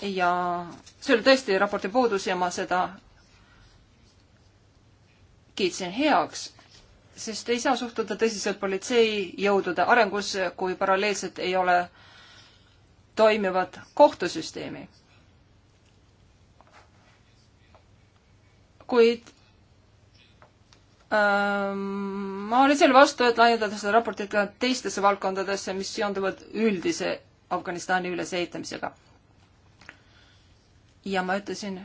ja see oli tõesti raporti puudus ja ma seda kiitsin heaks sest ei saa suhtuda tõsiselt politseijõudude arengusse, kui paralleelselt ei ole toimivat kohtusüsteemi. kuid ähm, ma olin selle vastu, et laiendada seda raportit ka teistesse valdkondadesse, mis seonduvad üldise Afganistani ülesehitamisega. ja ma ütlesin,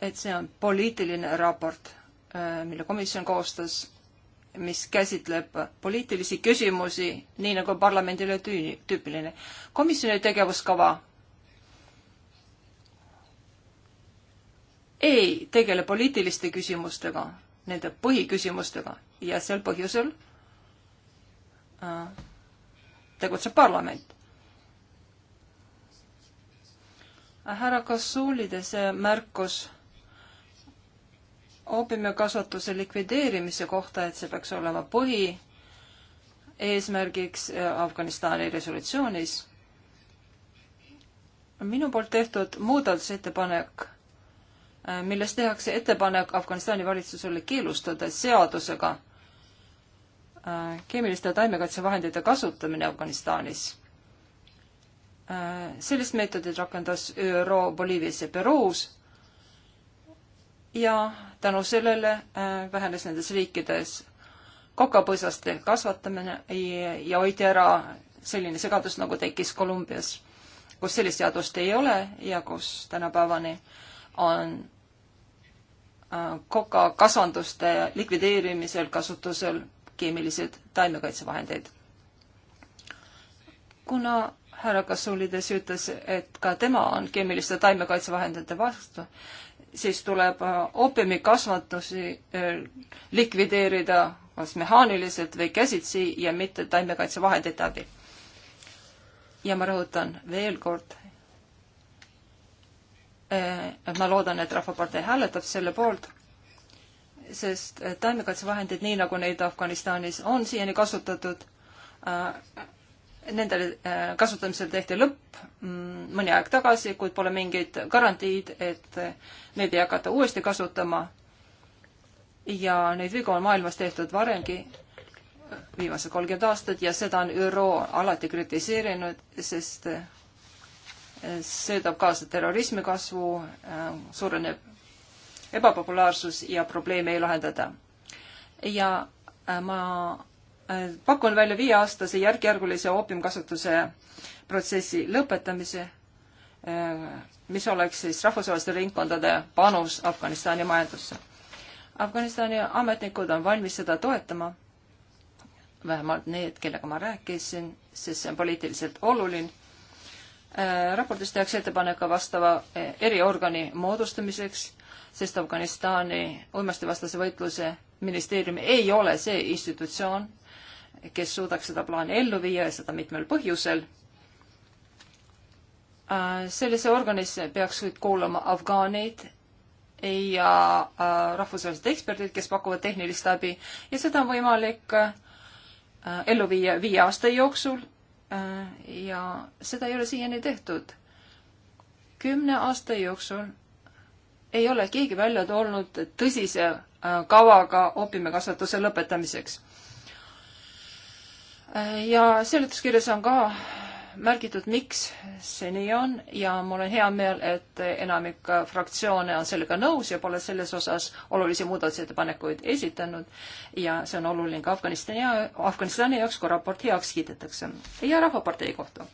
et see on poliitiline raport Äh, mille komisjon koostas, mis käsitleb poliitilisi küsimusi, nii nagu parlamendile tüüpiline. komisjoni tegevuskava ei tegele poliitiliste küsimustega, nende põhiküsimustega ja sel põhjusel äh, tegutseb parlament. Äh, härra Kasuulidese märkus oopiumikasvatuse likvideerimise kohta, et see peaks olema põhi eesmärgiks äh, Afganistani resolutsioonis. minu poolt tehtud muudatusettepanek, äh, milles tehakse ettepanek Afganistani valitsusele keelustada seadusega äh, keemiliste taimekaitsevahendite kasutamine Afganistanis. sellist meetodit rakendas ÜRO Boliivias ja Peruus ja tänu sellele äh, vähenes nendes riikides kokapõõsaste kasvatamine ja hoiti ära selline segadus, nagu tekkis Kolumbias, kus sellist seadust ei ole ja kus tänapäevani on äh, kokakasvanduste likvideerimisel kasutusel keemilised taimekaitsevahendeid. kuna härra Kasulides ütles, et ka tema on keemiliste taimekaitsevahendite vastu, siis tuleb oopiumikasvatusi äh, äh, likvideerida kas mehaaniliselt või käsitsi ja mitte taimekaitsevahendite abil. ja ma rõhutan veel kord, äh, et ma loodan, et Rahvapartei hääletab selle poolt, sest taimekaitsevahendid, nii nagu neid Afganistanis on siiani kasutatud, Nendele äh, kasutamisel tehti lõpp mm, mõni aeg tagasi, kuid pole mingeid garantiid, et neid ei hakata uuesti kasutama. ja neid vigu on maailmas tehtud varemgi, viimased kolmkümmend aastat ja seda on ÜRO alati kritiseerinud, sest äh, see toob kaasa terrorismi kasvu, äh, suureneb ebapopulaarsus ja probleeme ei lahendada. ja ma pakun välja viieaastase järkjärgulise oopiumkasutuse protsessi lõpetamise, mis oleks siis rahvusvaheliste ringkondade panus Afganistani majandusse. Afganistani ametnikud on valmis seda toetama, vähemalt need, kellega ma rääkisin, sest see on poliitiliselt oluline. raportis tehakse ettepanek ka vastava eriorgani moodustamiseks, sest Afganistani uimastivastase võitluse ministeerium ei ole see institutsioon, kes suudaks seda plaani ellu viia ja seda mitmel põhjusel. Äh, sellesse organisse peaks kuulama afgaanid ja äh, rahvusvahelised eksperdid, kes pakuvad tehnilist abi ja seda on võimalik äh, ellu viia viie aasta jooksul. ja seda ei ole siiani tehtud. kümne aasta jooksul ei ole keegi välja tulnud tõsise kavaga oopiumikasvatuse lõpetamiseks ja seletuskirjas on ka märgitud, miks see nii on ja mul on hea meel, et enamik fraktsioone on sellega nõus ja pole selles osas olulisi muudatusettepanekuid esitanud ja see on oluline ka Afganistani ja Afganistani jaoks, kui raport heaks kiidetakse ja Rahvapartei kohta.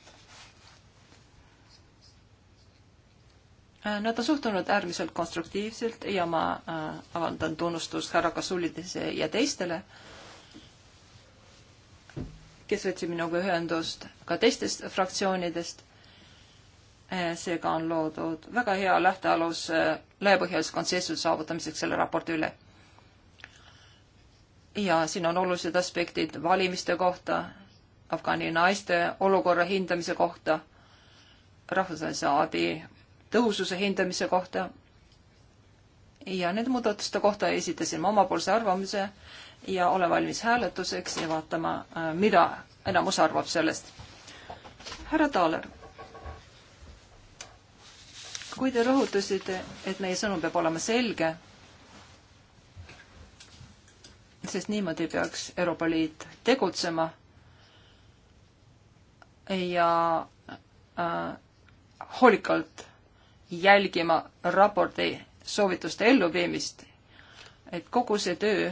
Nad on suhtunud äärmiselt konstruktiivselt ja ma äh, avaldan tunnustust härra Kasulidise ja teistele äh, kes võtsid minuga ühendust ka teistest fraktsioonidest. Eh, seega on loodud väga hea lähtealus eh, laiapõhjalise konsensuse saavutamiseks selle raporti üle. ja siin on olulised aspektid valimiste kohta, Afgaani naiste olukorra hindamise kohta, rahvusvahelise abi tõhususe hindamise kohta ja nende muudatuste kohta esitasin ma omapoolse arvamuse ja ole valmis hääletuseks ja vaatama, äh, mida enamus arvab sellest. härra Taaler, kui te rõhutasite, et meie sõnum peab olema selge, sest niimoodi peaks Euroopa Liit tegutsema ja äh, hoolikalt jälgima raporti soovituste elluviimist, et kogu see töö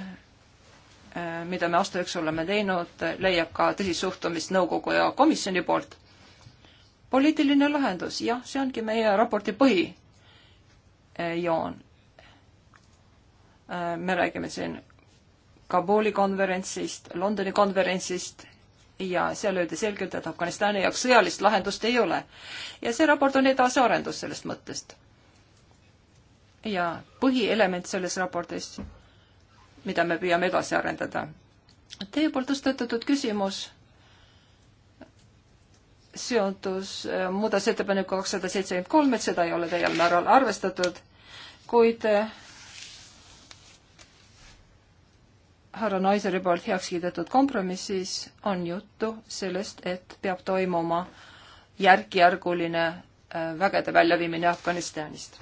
mida me aasta jooksul oleme teinud, leiab ka tõsist suhtumist nõukogu ja komisjoni poolt. poliitiline lahendus, jah, see ongi meie raporti põhijoon. me räägime siin Kabuli konverentsist, Londoni konverentsist ja seal öeldi selgelt, et Afganistani jaoks sõjalist lahendust ei ole. ja see raport on edasiarendus sellest mõttest. ja põhielement selles raportis mida me püüame edasi arendada. Teie poolt tõstatatud küsimus seondus äh, muudatusettepaneku kakssada seitsekümmend kolm, et seda ei ole täiel määral arvestatud, kuid äh, härra Naiseri poolt heaks kiidetud kompromissis on juttu sellest, et peab toimuma järk-järguline äh, vägede väljaviimine Afganistanist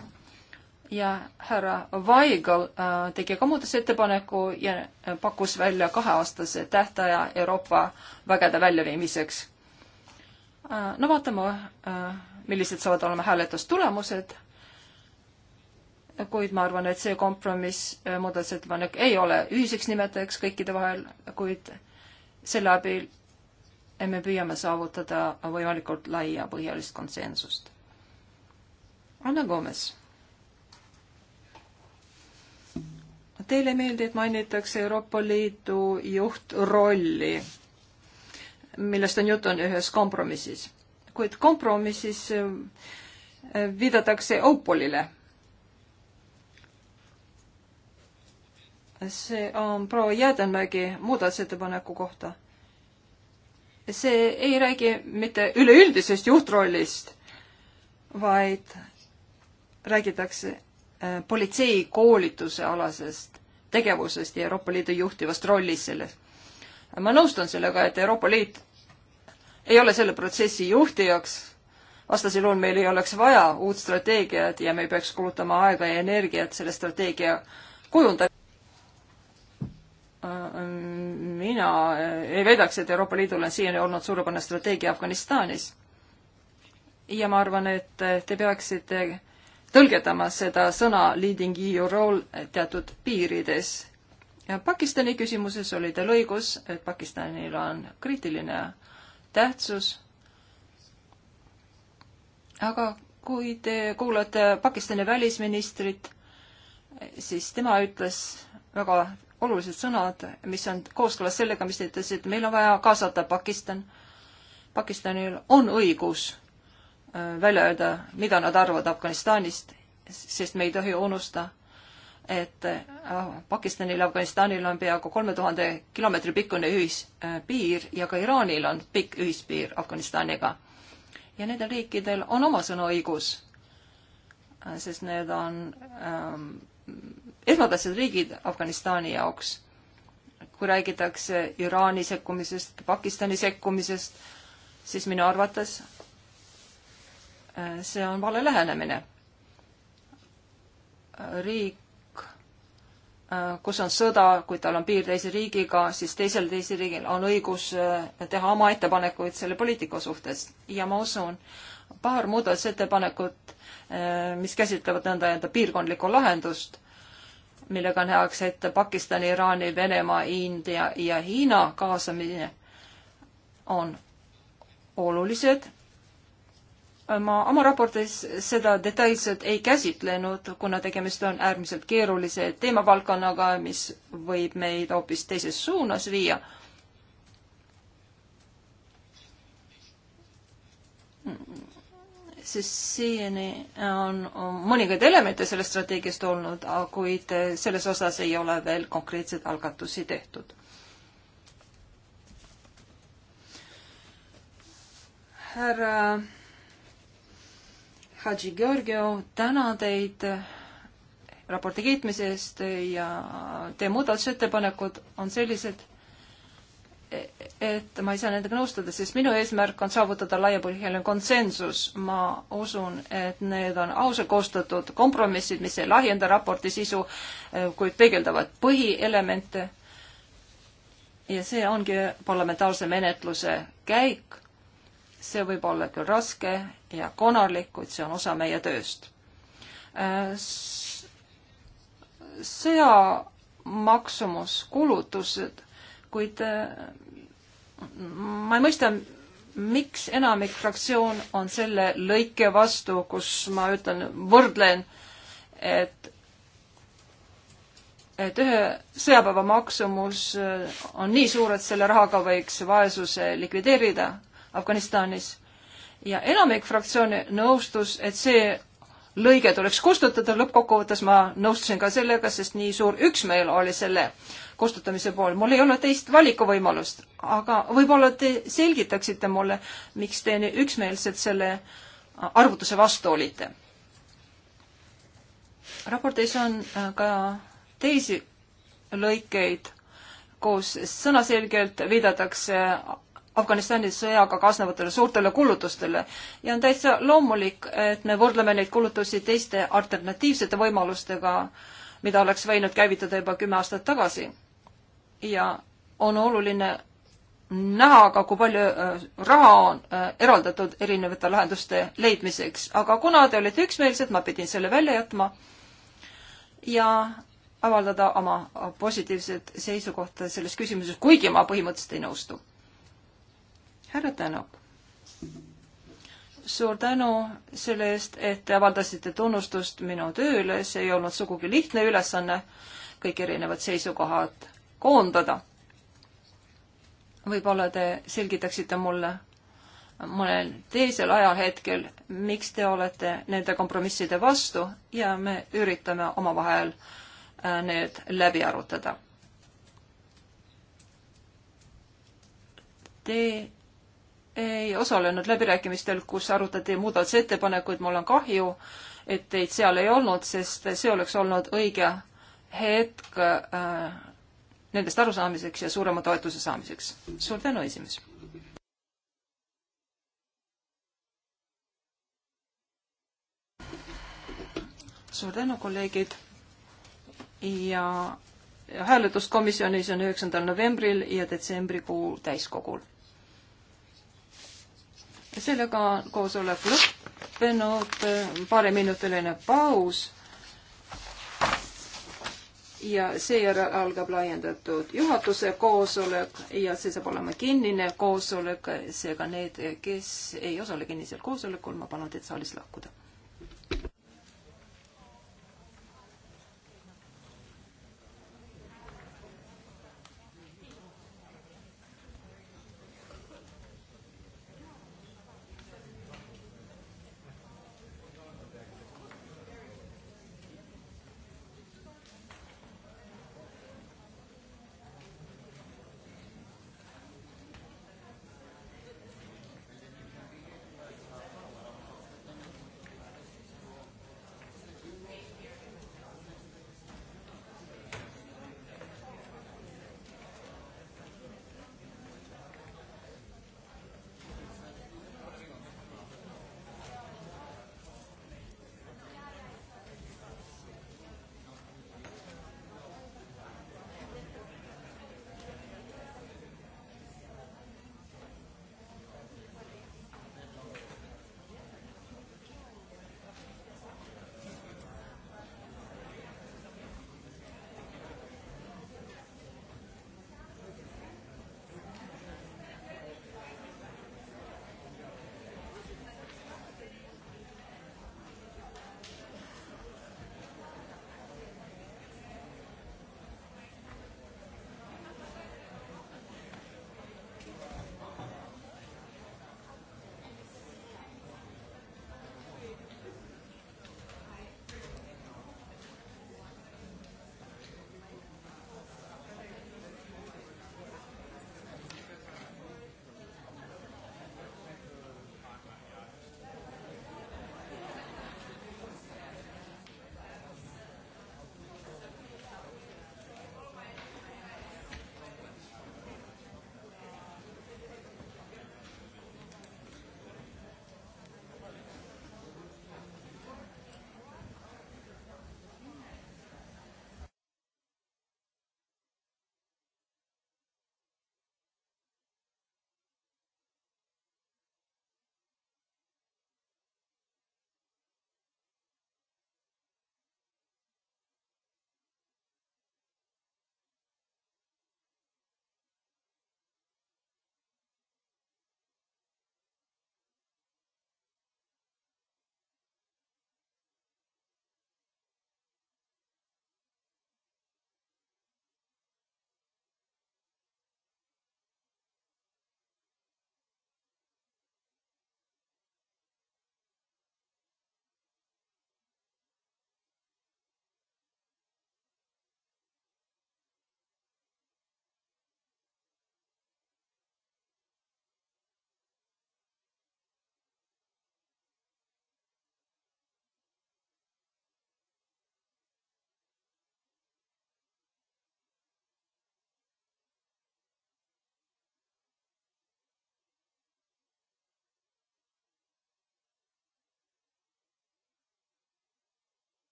ja härra Vaigel äh, tegi ka muudatusettepaneku ja äh, pakkus välja kaheaastase tähtaja Euroopa vägede väljaviimiseks. Äh, no vaatame, millised saavad olema hääletustulemused. kuid ma arvan, et see kompromiss, muudatusettepanek ei ole ühiseks nimetajaks kõikide vahel, kuid selle abil me püüame saavutada võimalikult laiapõhjalist konsensust. Anna Gomes Teile meeldib, mainitakse Euroopa Liidu juhtrolli, millest on juttu on ühes kompromissis. kuid kompromissis äh, viidatakse Opolile. see on proua Jäädenmägi muudatusettepaneku kohta. see ei räägi mitte üleüldisest juhtrollist, vaid räägitakse Äh, politseikoolituse alasest tegevusest ja Euroopa Liidu juhtivast rollist selles. ma nõustun sellega, et Euroopa Liit ei ole selle protsessi juhtijaks, vastasel juhul meil ei oleks vaja uut strateegiat ja me ei peaks kulutama aega ja energiat selle strateegia kujundamiseks. mina ei väidaks, et Euroopa Liidul on siiani olnud suurepärane strateegia Afganistanis. ja ma arvan, et te peaksite tõlgendama seda sõna leading EU role teatud piirides. ja Pakistani küsimuses oli teil õigus, et Pakistanil on kriitiline tähtsus. aga kui te kuulate Pakistani välisministrit, siis tema ütles väga olulised sõnad, mis on kooskõlas sellega, mis te ütlesite, meil on vaja kaasata Pakistan. Pakistanil on õigus Äh, välja öelda, mida nad arvavad Afganistanist, sest me ei tohi unusta, et äh, Pakistanil ja Afganistanil on peaaegu kolme tuhande kilomeetri pikkune ühispiir ja ka Iraanil on pikk ühispiir Afganistaniga. ja nendel riikidel on oma sõnaõigus, äh, sest need on ähm, esmatähtsad riigid Afganistani jaoks. kui räägitakse Iraani sekkumisest, Pakistani sekkumisest, siis minu arvates see on vale lähenemine. riik, kus on sõda, kui tal on piir teise riigiga, siis teisel teisel riigil on õigus eh, teha oma ettepanekuid selle poliitika suhtes ja ma usun, paar muudatusettepanekut, eh, mis käsitlevad nõnda enda piirkondlikku lahendust millega nähakse ette Pakistani, Iraani, Venemaa, India ja Hiina kaasamine, on olulised ma oma raportis seda detailselt ei käsitlenud, kuna tegemist on äärmiselt keerulise teemavaldkonnaga, mis võib meid hoopis teises suunas viia. sest siiani on mõningaid elemente sellest strateegiast olnud, kuid selles osas ei ole veel konkreetseid algatusi tehtud härra Hadži Georgiev, tänan teid raporti kiitmise eest ja teie muudatusettepanekud on sellised, et ma ei saa nendega nõustuda, sest minu eesmärk on saavutada laiapõhjaline konsensus. ma usun, et need on ausalt koostatud kompromissid, mis ei lahjenda raporti sisu, kuid peegeldavad põhielemente. ja see ongi parlamentaarse menetluse käik see võib olla küll raske ja konarlik, kuid see on osa meie tööst. sõja maksumus, kulutused, kuid ma ei mõista, miks enamik fraktsioon on selle lõike vastu, kus ma ütlen, võrdlen, et et ühe sõjapäeva maksumus on nii suur, et selle rahaga võiks vaesuse likvideerida Afganistanis. ja enamik fraktsioone nõustus, et see lõige tuleks kustutada, lõppkokkuvõttes ma nõustusin ka sellega, sest nii suur üksmeel oli selle kustutamise pool. mul ei ole teist valikuvõimalust, aga võib-olla te selgitaksite mulle, miks te nii üksmeelselt selle arvutuse vastu olite. raportis on äh, ka teisi lõikeid, kus sõnaselgelt viidatakse Afganistani sõjaga kaasnevatele suurtele kulutustele ja on täitsa loomulik, et me võrdleme neid kulutusi teiste alternatiivsete võimalustega, mida oleks võinud käivitada juba kümme aastat tagasi. ja on oluline näha ka, kui palju äh, raha on äh, eraldatud erinevate lahenduste leidmiseks, aga kuna te olite üksmeelsed, ma pidin selle välja jätma ja avaldada oma positiivset seisukohta selles küsimuses, kuigi ma põhimõtteliselt ei nõustu härra Tänok, suur tänu selle eest, et te avaldasite tunnustust minu tööle, see ei olnud sugugi lihtne ülesanne, kõik erinevad seisukohad koondada. võib-olla te selgitaksite mulle mõnel teisel ajahetkel, miks te olete nende kompromisside vastu ja me üritame omavahel äh, need läbi arutada. Te ei osalenud läbirääkimistel, kus arutati muudatusettepanekuid, mul on kahju, et teid seal ei olnud, sest see oleks olnud õige hetk äh, nendest arusaamiseks ja suurema toetuse saamiseks. suur tänu, esimees! suur tänu, kolleegid! ja hääletus komisjonis on üheksandal novembril ja detsembrikuu täiskogul sellega on koosolek lõppenud, paariminutiline paus. ja seejärel algab laiendatud juhatuse koosolek ja see saab olema kinnine koosolek, seega need, kes ei osale kinnisel koosolekul, ma palun teid saalist lahkuda